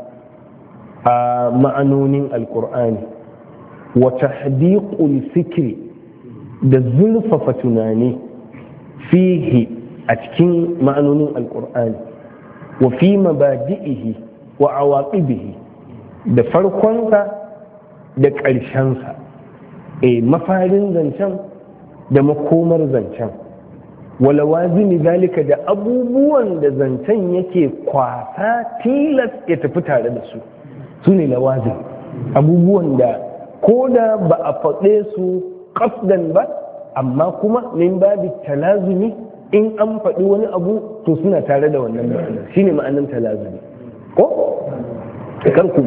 a ma'anonin alkur'ani wa tahdiqul fikri da zurfafa tunani fihi a cikin ma'anonin alkur'ani wa fi mabadi'ihi wa awaƙibihi da farkonsa da ƙarshensa e mafarin zancen da makomar zancen walawazini zalika da abubuwan da zancen yake kwasa tilas ya tafi tare da su su ne lawazin abubuwan da ko da ba a faɗe su ƙasdan ba amma kuma min babu talazumi in an faɗi wani abu to suna tare da wannan ma'ana shine ma'anar talazumi ko kar ku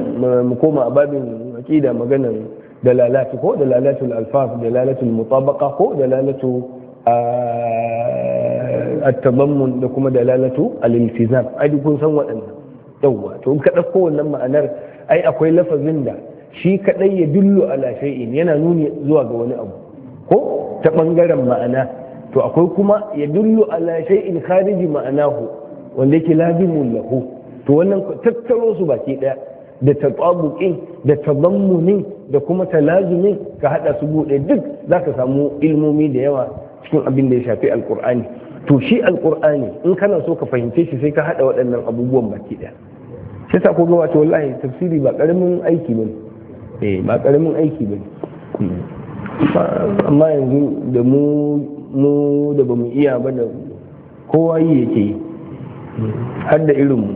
mu koma a babin aqida maganar dalalatu ko dalalatul alfaf dalalatul mutabaqa ko dalalatu التضمن da kuma dalalatu al-iltizam ai kun san waɗannan yawwa to in ka ɗauko wannan ma'anar ai akwai lafazin da shi kaɗai ya dullo ala shay'in yana nuni zuwa ga wani abu ko ta bangaren ma'ana to akwai kuma ya dullo ala shay'in khariji ma'anahu wanda yake lazimul lahu to wannan tattaro su baki ɗaya, da tatabuqin da tadammunin da kuma talazumin ka haɗa su buɗe duk zaka samu ilmomi da yawa cikin abin da ya shafi alqur'ani to shi alƙur'ani, in kana so ka fahimce shi sai ka haɗa waɗannan abubuwan baki ɗaya. shi sa koga wato wallahi tafsiri ba karamin aiki bane eh ba karamin aiki bane amma yanzu da mu mu da bamu iya ba da kowa yi yake har da irin mu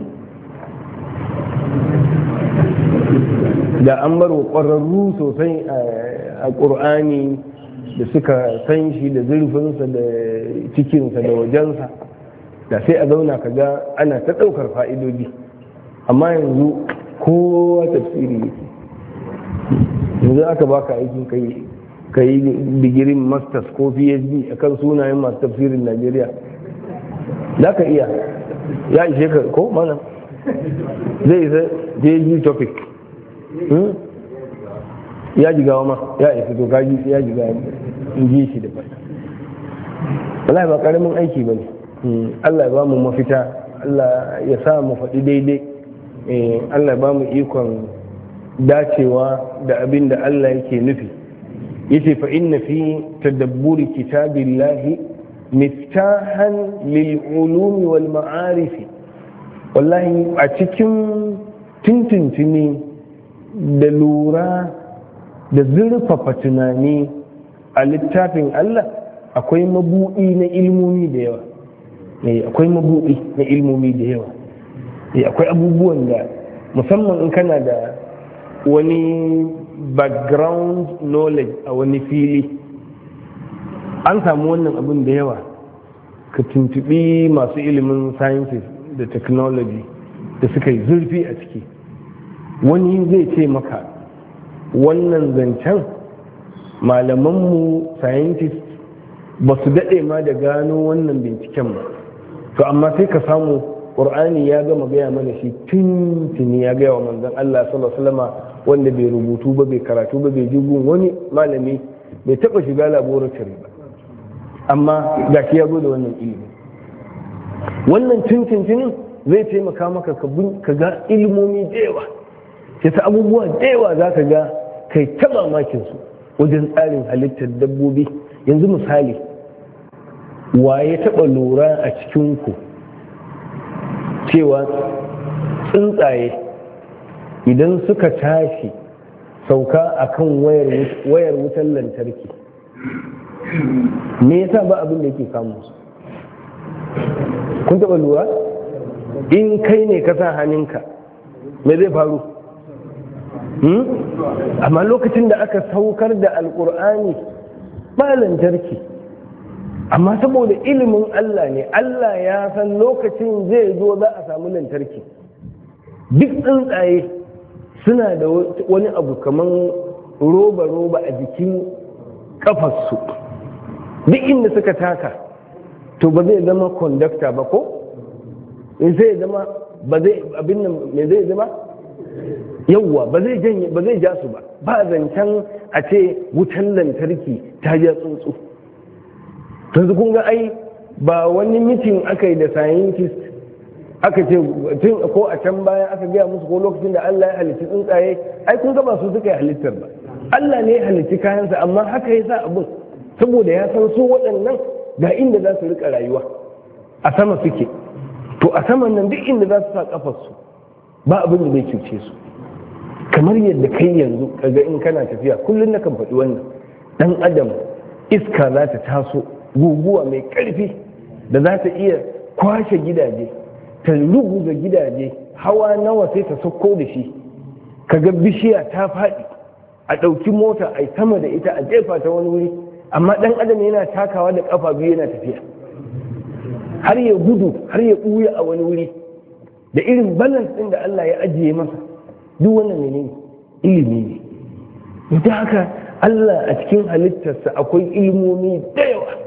da an bar ƙwararru sosai a ƙur'ani da suka san shi da zurfinsa da cikinsa da wajensa da sai a zauna ka ga ana ta ɗaukar fa'idodi amma yanzu kowa tafsiri yake yanzu aka baka aikin kai ka yi digirin masters ko phd a kan sunayen masu tafsirin najeriya za ka iya ya ishe ka ko mana zai isa phd topic hmm? ya ji gawa ma ya isa to gaji ya ji gawa in ji shi da ba wallahi ba karamin aiki ba ne hmm. allah ya ba mu mafita allah ya sa mu faɗi daidai Eh, Allah ba mu ikon dacewa da abin da Allah yake nufi yace fa inna fi tadabburi kitabillahi miftahan lil ulumi wal ma'arif wallahi a cikin tintintini da lura da zurfafa tunani a littafin Allah akwai mabu'i na ilmomi da yawa eh, akwai mabu'i na ilmomi da yawa Eh, akwai abubuwan da musamman in kana da wani background knowledge a wani fili an samu wannan abin da yawa ka tuntubi masu ilimin sciences da technology da suka yi zurfi a ciki wani zai ce maka wannan zancen malamanmu scientist ba su daɗe ma da gano wannan binciken ba to amma sai ka samu qur'ani ya gama gaya mana shi tuntuni ya gaya wa manzon Allah sallallahu alaihi wasallam wanda bai rubutu ba bai karatu ba bai jigun wani malami bai taba shiga laboratory ba amma ga shi ya da wannan ilimi wannan tuntuntunin zai taimaka maka ka ga ilimomi da yawa ta abubuwa da za ka ga kai ta mamakin su wajen tsarin halittar dabbobi yanzu misali wa ya taɓa lura a cikin ku cewa tsuntsaye idan suka tashi sauka a kan wayar wutar lantarki me yasa ba abin da yake su kun taba lura in kai ne ka sa hannunka me zai faru hmm? amma lokacin da aka saukar da alkur'ani ba lantarki amma saboda ilimin Allah ne Allah ya san lokacin zai zo za a samu lantarki duk tsuntsaye suna da wani abu kamar roba-roba a jikin kafarsu duk inda suka taka to ba zai zama kondakta ba ko in zai zama ba zai abin nan me zai zama yawwa ba zai ba zai ja su ba ba zancen a ce wutan lantarki ta ja tsuntsu yanzu kun ga ai ba wani mitin aka yi da scientist aka ce tun ko a can bayan aka biya musu ko lokacin da Allah ya halitta tsuntsaye ai kun ga ba su suka yi halittar ba Allah ne ya halitta kayansa amma haka ya sa abin saboda ya san su waɗannan ga inda za su rika rayuwa a sama suke to a saman nan duk inda za su sa kafarsu ba abin da zai cuce su kamar yadda kai yanzu kaga in kana tafiya kullun na kan faɗi wannan dan adam iska za ta taso guguwa mai ƙarfi da za ta iya kwashe gidaje ta ga gidaje hawa nawa sai ta sauko da shi Ka ga bishiya ta faɗi a ɗauki mota a sama da ita a jefa ta wani wuri amma ɗan adam yana takawa da ƙafa biyu yana tafiya har ya gudu har ya ɓuya a wani wuri da irin balance ɗin da Allah ya ajiye masa duk wannan ne ilimi ne Ita haka Allah a cikin halittarsa akwai ilimomi da yawa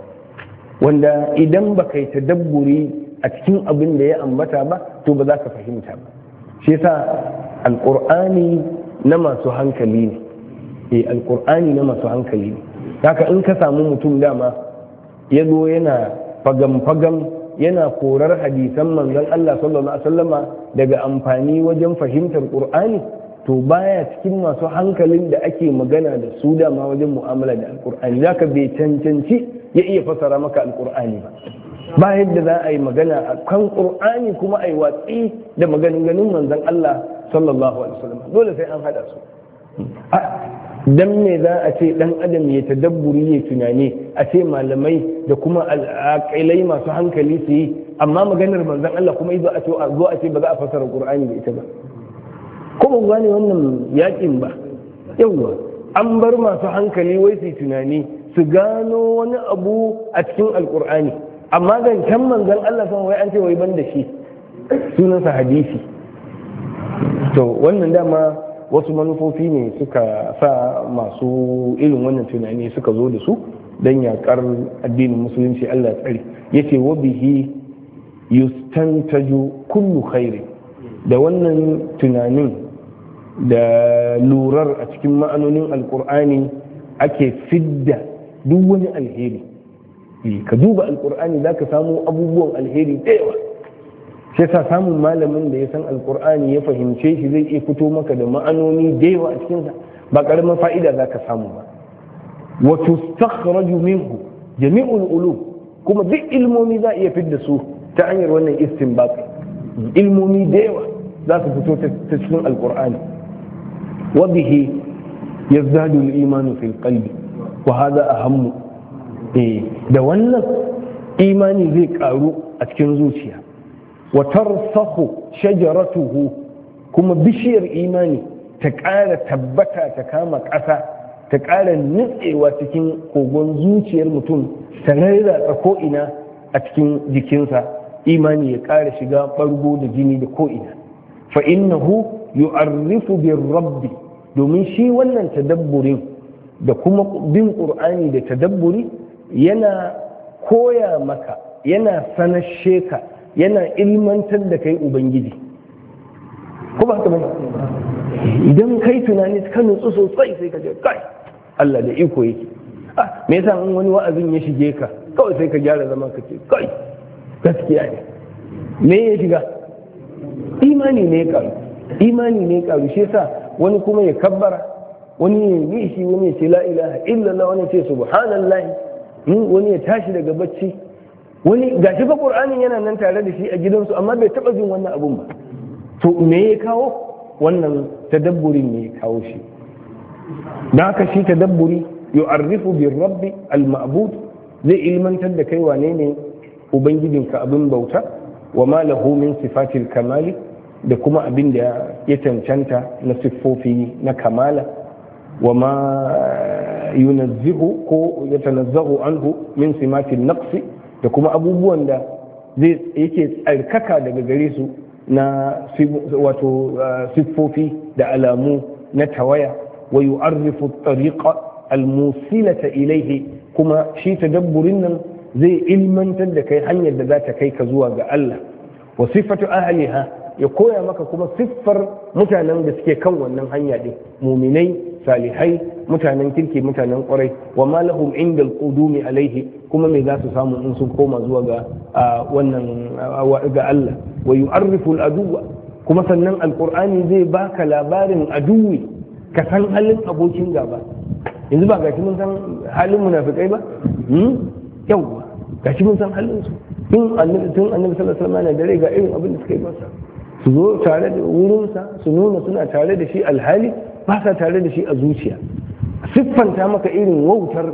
wanda idan ba ta dabburi a cikin abin da ya ambata ba to ba za ka fahimta ba shi yasa alkur'ani na masu hankali ne eh alkur'ani na masu hankali ne haka in ka samu mutum dama ya zo yana fagam-fagam yana korar hadisan manzon Allah sallallahu alaihi wasallama daga amfani wajen fahimtar qur'ani to baya cikin masu hankalin da ake magana da su dama wajen mu'amala da alkur'ani ka bai cancanci ya iya fasara maka alkur'ani ba ba yadda za a yi magana a kan qur'ani kuma a yi watsi da maganin ganin manzon Allah sallallahu alaihi wasallam dole sai an hada su dan me za a ce dan adam ya tadabburi ya tunani a ce malamai da kuma al'aqilai masu hankali su yi amma maganar manzon Allah kuma izo a ce ba za a fasara qur'ani da ita ba ko ban gane wannan yakin ba yawwa an bar masu hankali wai su tunani su gano wani abu a cikin alkur'ani amma zancen manzon Allah san wai an ce wai ban da shi sunansa hadisi to wannan dama wasu manufofi ne suka sa masu irin wannan tunani suka zo da su don yakar addinin musulunci Allah tsari yace wa bihi yustantaju kullu khairi da wannan tunanin da lurar a cikin ma'anonin alkur'ani ake fidda duk wani alheri ka duba alkur'ani za ka samu abubuwan alheri da yawa sai sa samun malamin da ya san alkur'ani ya fahimce shi zai iya fito maka da ma'anoni da yawa a cikinsa ba karamin fa'ida za ka samu ba wa tustakhraju minhu jami'ul ulu, kuma duk ilmomi za iya fidda su ta hanyar wannan istinbat ilmomi da yawa za su fito ta cikin alkur'ani wa bihi yazdadu al-imanu fil qalbi wa hadha ahammu eh da wannan imani zai ƙaru a cikin zuciya wa tarsakhu shajaratuhu kuma bishiyar imani ta ƙara tabbata ta kama ƙasa ta ƙara nutsewa cikin kogon zuciyar mutum ta rarratsa ko'ina a cikin jikinsa imani ya ƙara shiga ɓargo da jini da ko'ina fa innahu yu'arrifu bin rabbi domin shi wannan tadabburin da kuma bin ƙur'ani da tadabburi yana koya maka yana sanashe ka yana ilmantar da kai ubangiji ko ba bane idan kai tunani ka nutsu sosai sai ka je kai Allah da iko yake ah me yasa in wani wa'azin ya shige ka kawai sai ka gyara zaman ka ce kai gaskiya ne me ya shiga imani ne ya karu imani ne ya karu shi yasa wani kuma ya kabbara wani ya yi shi wani ya ce la ilaha illallah wani ya ce subhanallah hmm, wani ya tashi daga bacci wani shi fa qur'anin yana nan tare da shi a gidansu amma bai taba jin wannan abun ba to me ya kawo wannan tadabburin ne ya kawo shi dan haka shi tadabburi yu'arrifu bi rabbi al-ma'bud zai ilmantar da kai wane ne ubangijinka abin bauta wa ma lahu min sifatil kamali da kuma abin da ya cancanta na siffofi na kamala wa ma yunazzihu ko ya tanazzahu anhu min simatin naqsi da kuma abubuwan da zai yake tsarkaka daga gare su na wato ah, siffofi da alamu na tawaya wa yu'arrifu tariqa almusilata ilaihi kuma shi tadabburin nan zai ilmantar da kai hanyar da za ta kai ka zuwa ga Allah wa sifatu ahliha ya koya maka kuma siffar mutanen da suke kan wannan hanya din muminai salihai mutanen kirki mutanen kwarai wa ma lahum inda alqudumi alaihi kuma me za su samu in sun koma zuwa ga wannan ga Allah wa yu'arrifu al-aduwa kuma sannan alqur'ani zai baka labarin aduwi ka san halin abokin gaba yanzu ba gashi mun san halin munafikai ba hmm? yawwa gashi mun san halin su tun annabi sallallahu alaihi wasallam yana dare ga irin abin da suka yi masa su zo tare da wurinsa su nuna suna tare da shi alhali ba sa tare da shi a zuciya siffanta maka irin wautar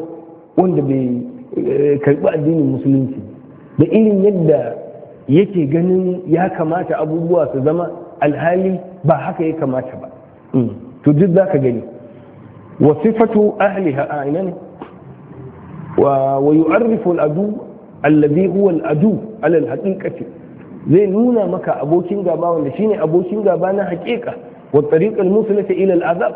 wanda bai eh, karbi addinin musulunci da irin yadda yake ganin ya kamata abubuwa su zama alhali ba haka ya kamata ba mm. to duk za ka gani wa sifatu ahliha a ina ne wa yu'arrifu al-adu alladhi huwa al-adu ala al-haqiqati zai nuna maka abokin gaba wanda shine abokin gaba na haƙiƙa wa tariqal muslata ila azab?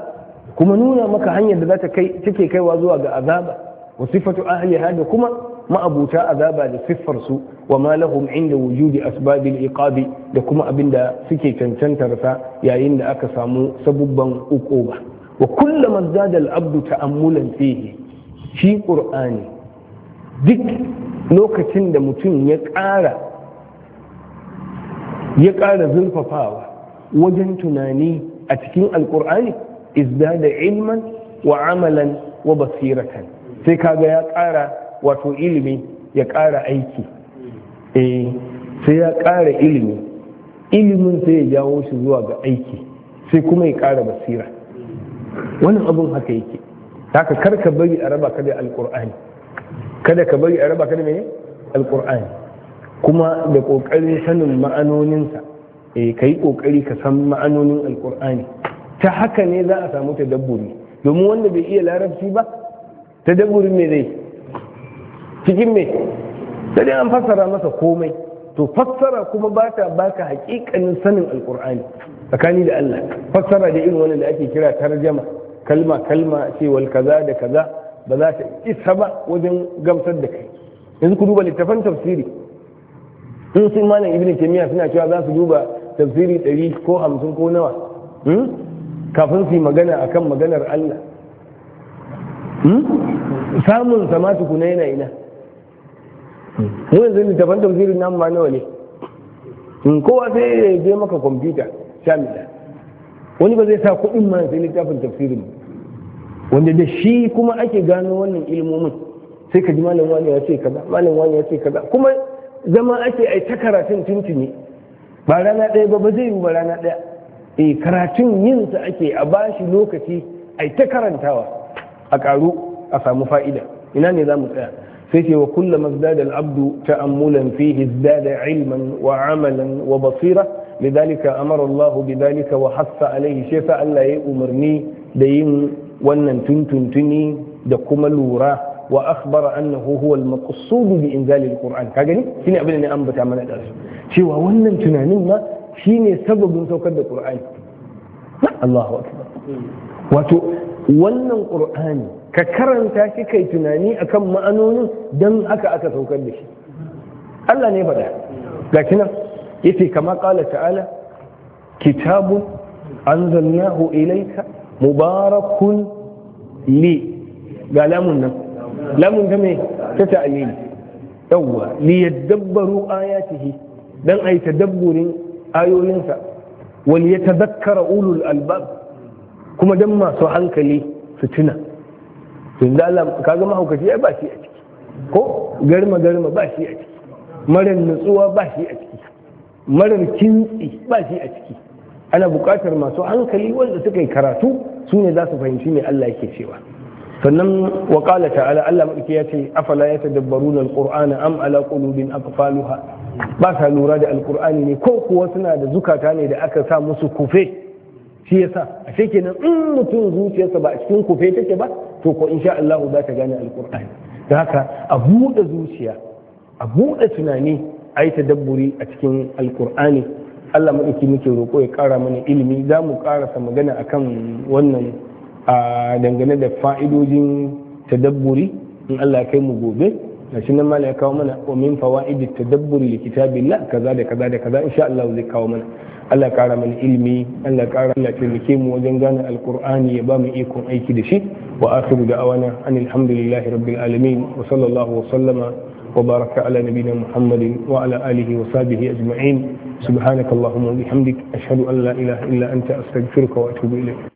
kuma nuna maka hanyar da zata kai take kaiwa zuwa ga azaba wa sifatu ahliha da kuma ma'abuta azaba da siffar su wa ma lahum inda wujudi asbabil iqabi da kuma abinda suke cancantar sa yayin da aka samu sabubban uquba wa kullama zada Abdu ta'ammulan fihi shi qur'ani duk lokacin da mutum ya ƙara ya ƙara zurfafawa wajen tunani a cikin izda da ilman wa amalan wa basiratan sai kaga ya ƙara wato ilimi ya ƙara aiki eh, sai ya ƙara ilimi ilimin sai ya jawo shi zuwa ga aiki sai kuma ya ƙara basira wannan abin haka yake haka karka bari a raba ka da alƙur'ani kada ka bari a raba ka da mene alƙur'ani kuma da ƙoƙarin sanin ma'anoninsa eh ka yi ƙoƙari ka san ma'anonin alƙur'ani ta haka ne za a samu ta dabburi. domin wanda bai iya larabci ba dabburi me zai cikin me sai an fassara masa komai to fassara kuma ba ta baka hakikanin sanin alƙur'ani tsakani da Allah fassara da irin wani da ake kira tarjama kalma kalma cewar kaza da kaza ba za ta isa ba wajen gamsar da kai yanzu ku duba littafan tafsiri Sun sun mana ibn taymiya suna cewa za su duba tafsiri ɗari ko hamsin ko nawa hmm? kafin su yi magana akan maganar Allah hmm? samun sama tukuna yana ina mu yanzu littafan tafsirin nan ma nawa ne hmm, kowa sai ya je maka kwamfuta shamila wani ba zai sa kuɗin ma sai littafin tafsirin wanda da shi kuma ake gano wannan ilmomin sai ka ji malam wani ya ce kaza malam wani ya ce kaza kuma zama ake ai ta karatun tuntuni ba rana ɗaya ba ba zai yi ba rana ɗaya e karatun yinsa ake a bashi lokaci ai ta karantawa a ƙaru a samu fa'ida ina ne za mu tsaya sai ce wa kulla mazdada al'abdu ta'ammulan fihi zada ilman wa amalan wa basira lidhalika amara Allah bidhalika wa hassa alaihi shi sa Allah ya umarni da yin wannan tuntuntuni da kuma lura wa akhbara annahuhuwal huwa al-maqsud bi inzal al ka gani shine abin da mana da su cewa wannan tunanin ma shine sababin saukar da Qur'ani Allahu akbar wato wannan Qur'ani ka karanta shi kai tunani akan ma'anonin dan haka aka saukar da shi Allah ne faɗa gashi nan yace kama qala ta'ala kitabun anzalnahu ilayka mubarakun li ga lamun nan lamun game ta ta'lili yawwa li yadabbaru ayatihi dan ay tadabburin ayoyinsa wal yatadhakkara ulul albab kuma dan masu hankali su tuna to da Allah kaga mahaukaci ai ba shi a ciki ko garma garma ba shi a ciki marar nutsuwa ba shi a ciki marar kintsi ba shi a ciki ana buƙatar masu hankali wanda suka yi karatu su ne za su fahimci me Allah yake cewa sannan wa ta'ala Allah madauki ya ce afala yatadabbaruna alqur'ana am ala qulubin aqfaluha ba sa lura da alqur'ani ne ko kuwa suna da zukata ne da aka sa musu kufe shi yasa a kenan in mutum zuciyarsa ba a cikin kufe take ba to ko insha Allah za ta gane alqur'ani da haka a buɗe zuciya a buɗe tunani a yi tadabburi a cikin alƙur'ani Allah madauki muke roƙo ya ƙara mana ilimi za mu ƙarasa magana akan wannan a dangane da fa'idojin tadabburi in Allah kai mu gobe a shi nan ya kawo mana wa min fawaidit tadabburi li kitabillah kaza da kaza da kaza insha Allah zai kawo mana Allah kara mana ilimi Allah kara Allah taimake mu wajen gane alqur'ani ya ba mu ikon aiki da shi wa akhiru awana anil rabbil'alamin rabbil alamin wa sallallahu wa sallama wa baraka ala nabiyyina muhammadin wa ala alihi wa sahbihi ajma'in subhanakallahumma wa bihamdik ashhadu an la ilaha illa anta astaghfiruka wa atubu ilayk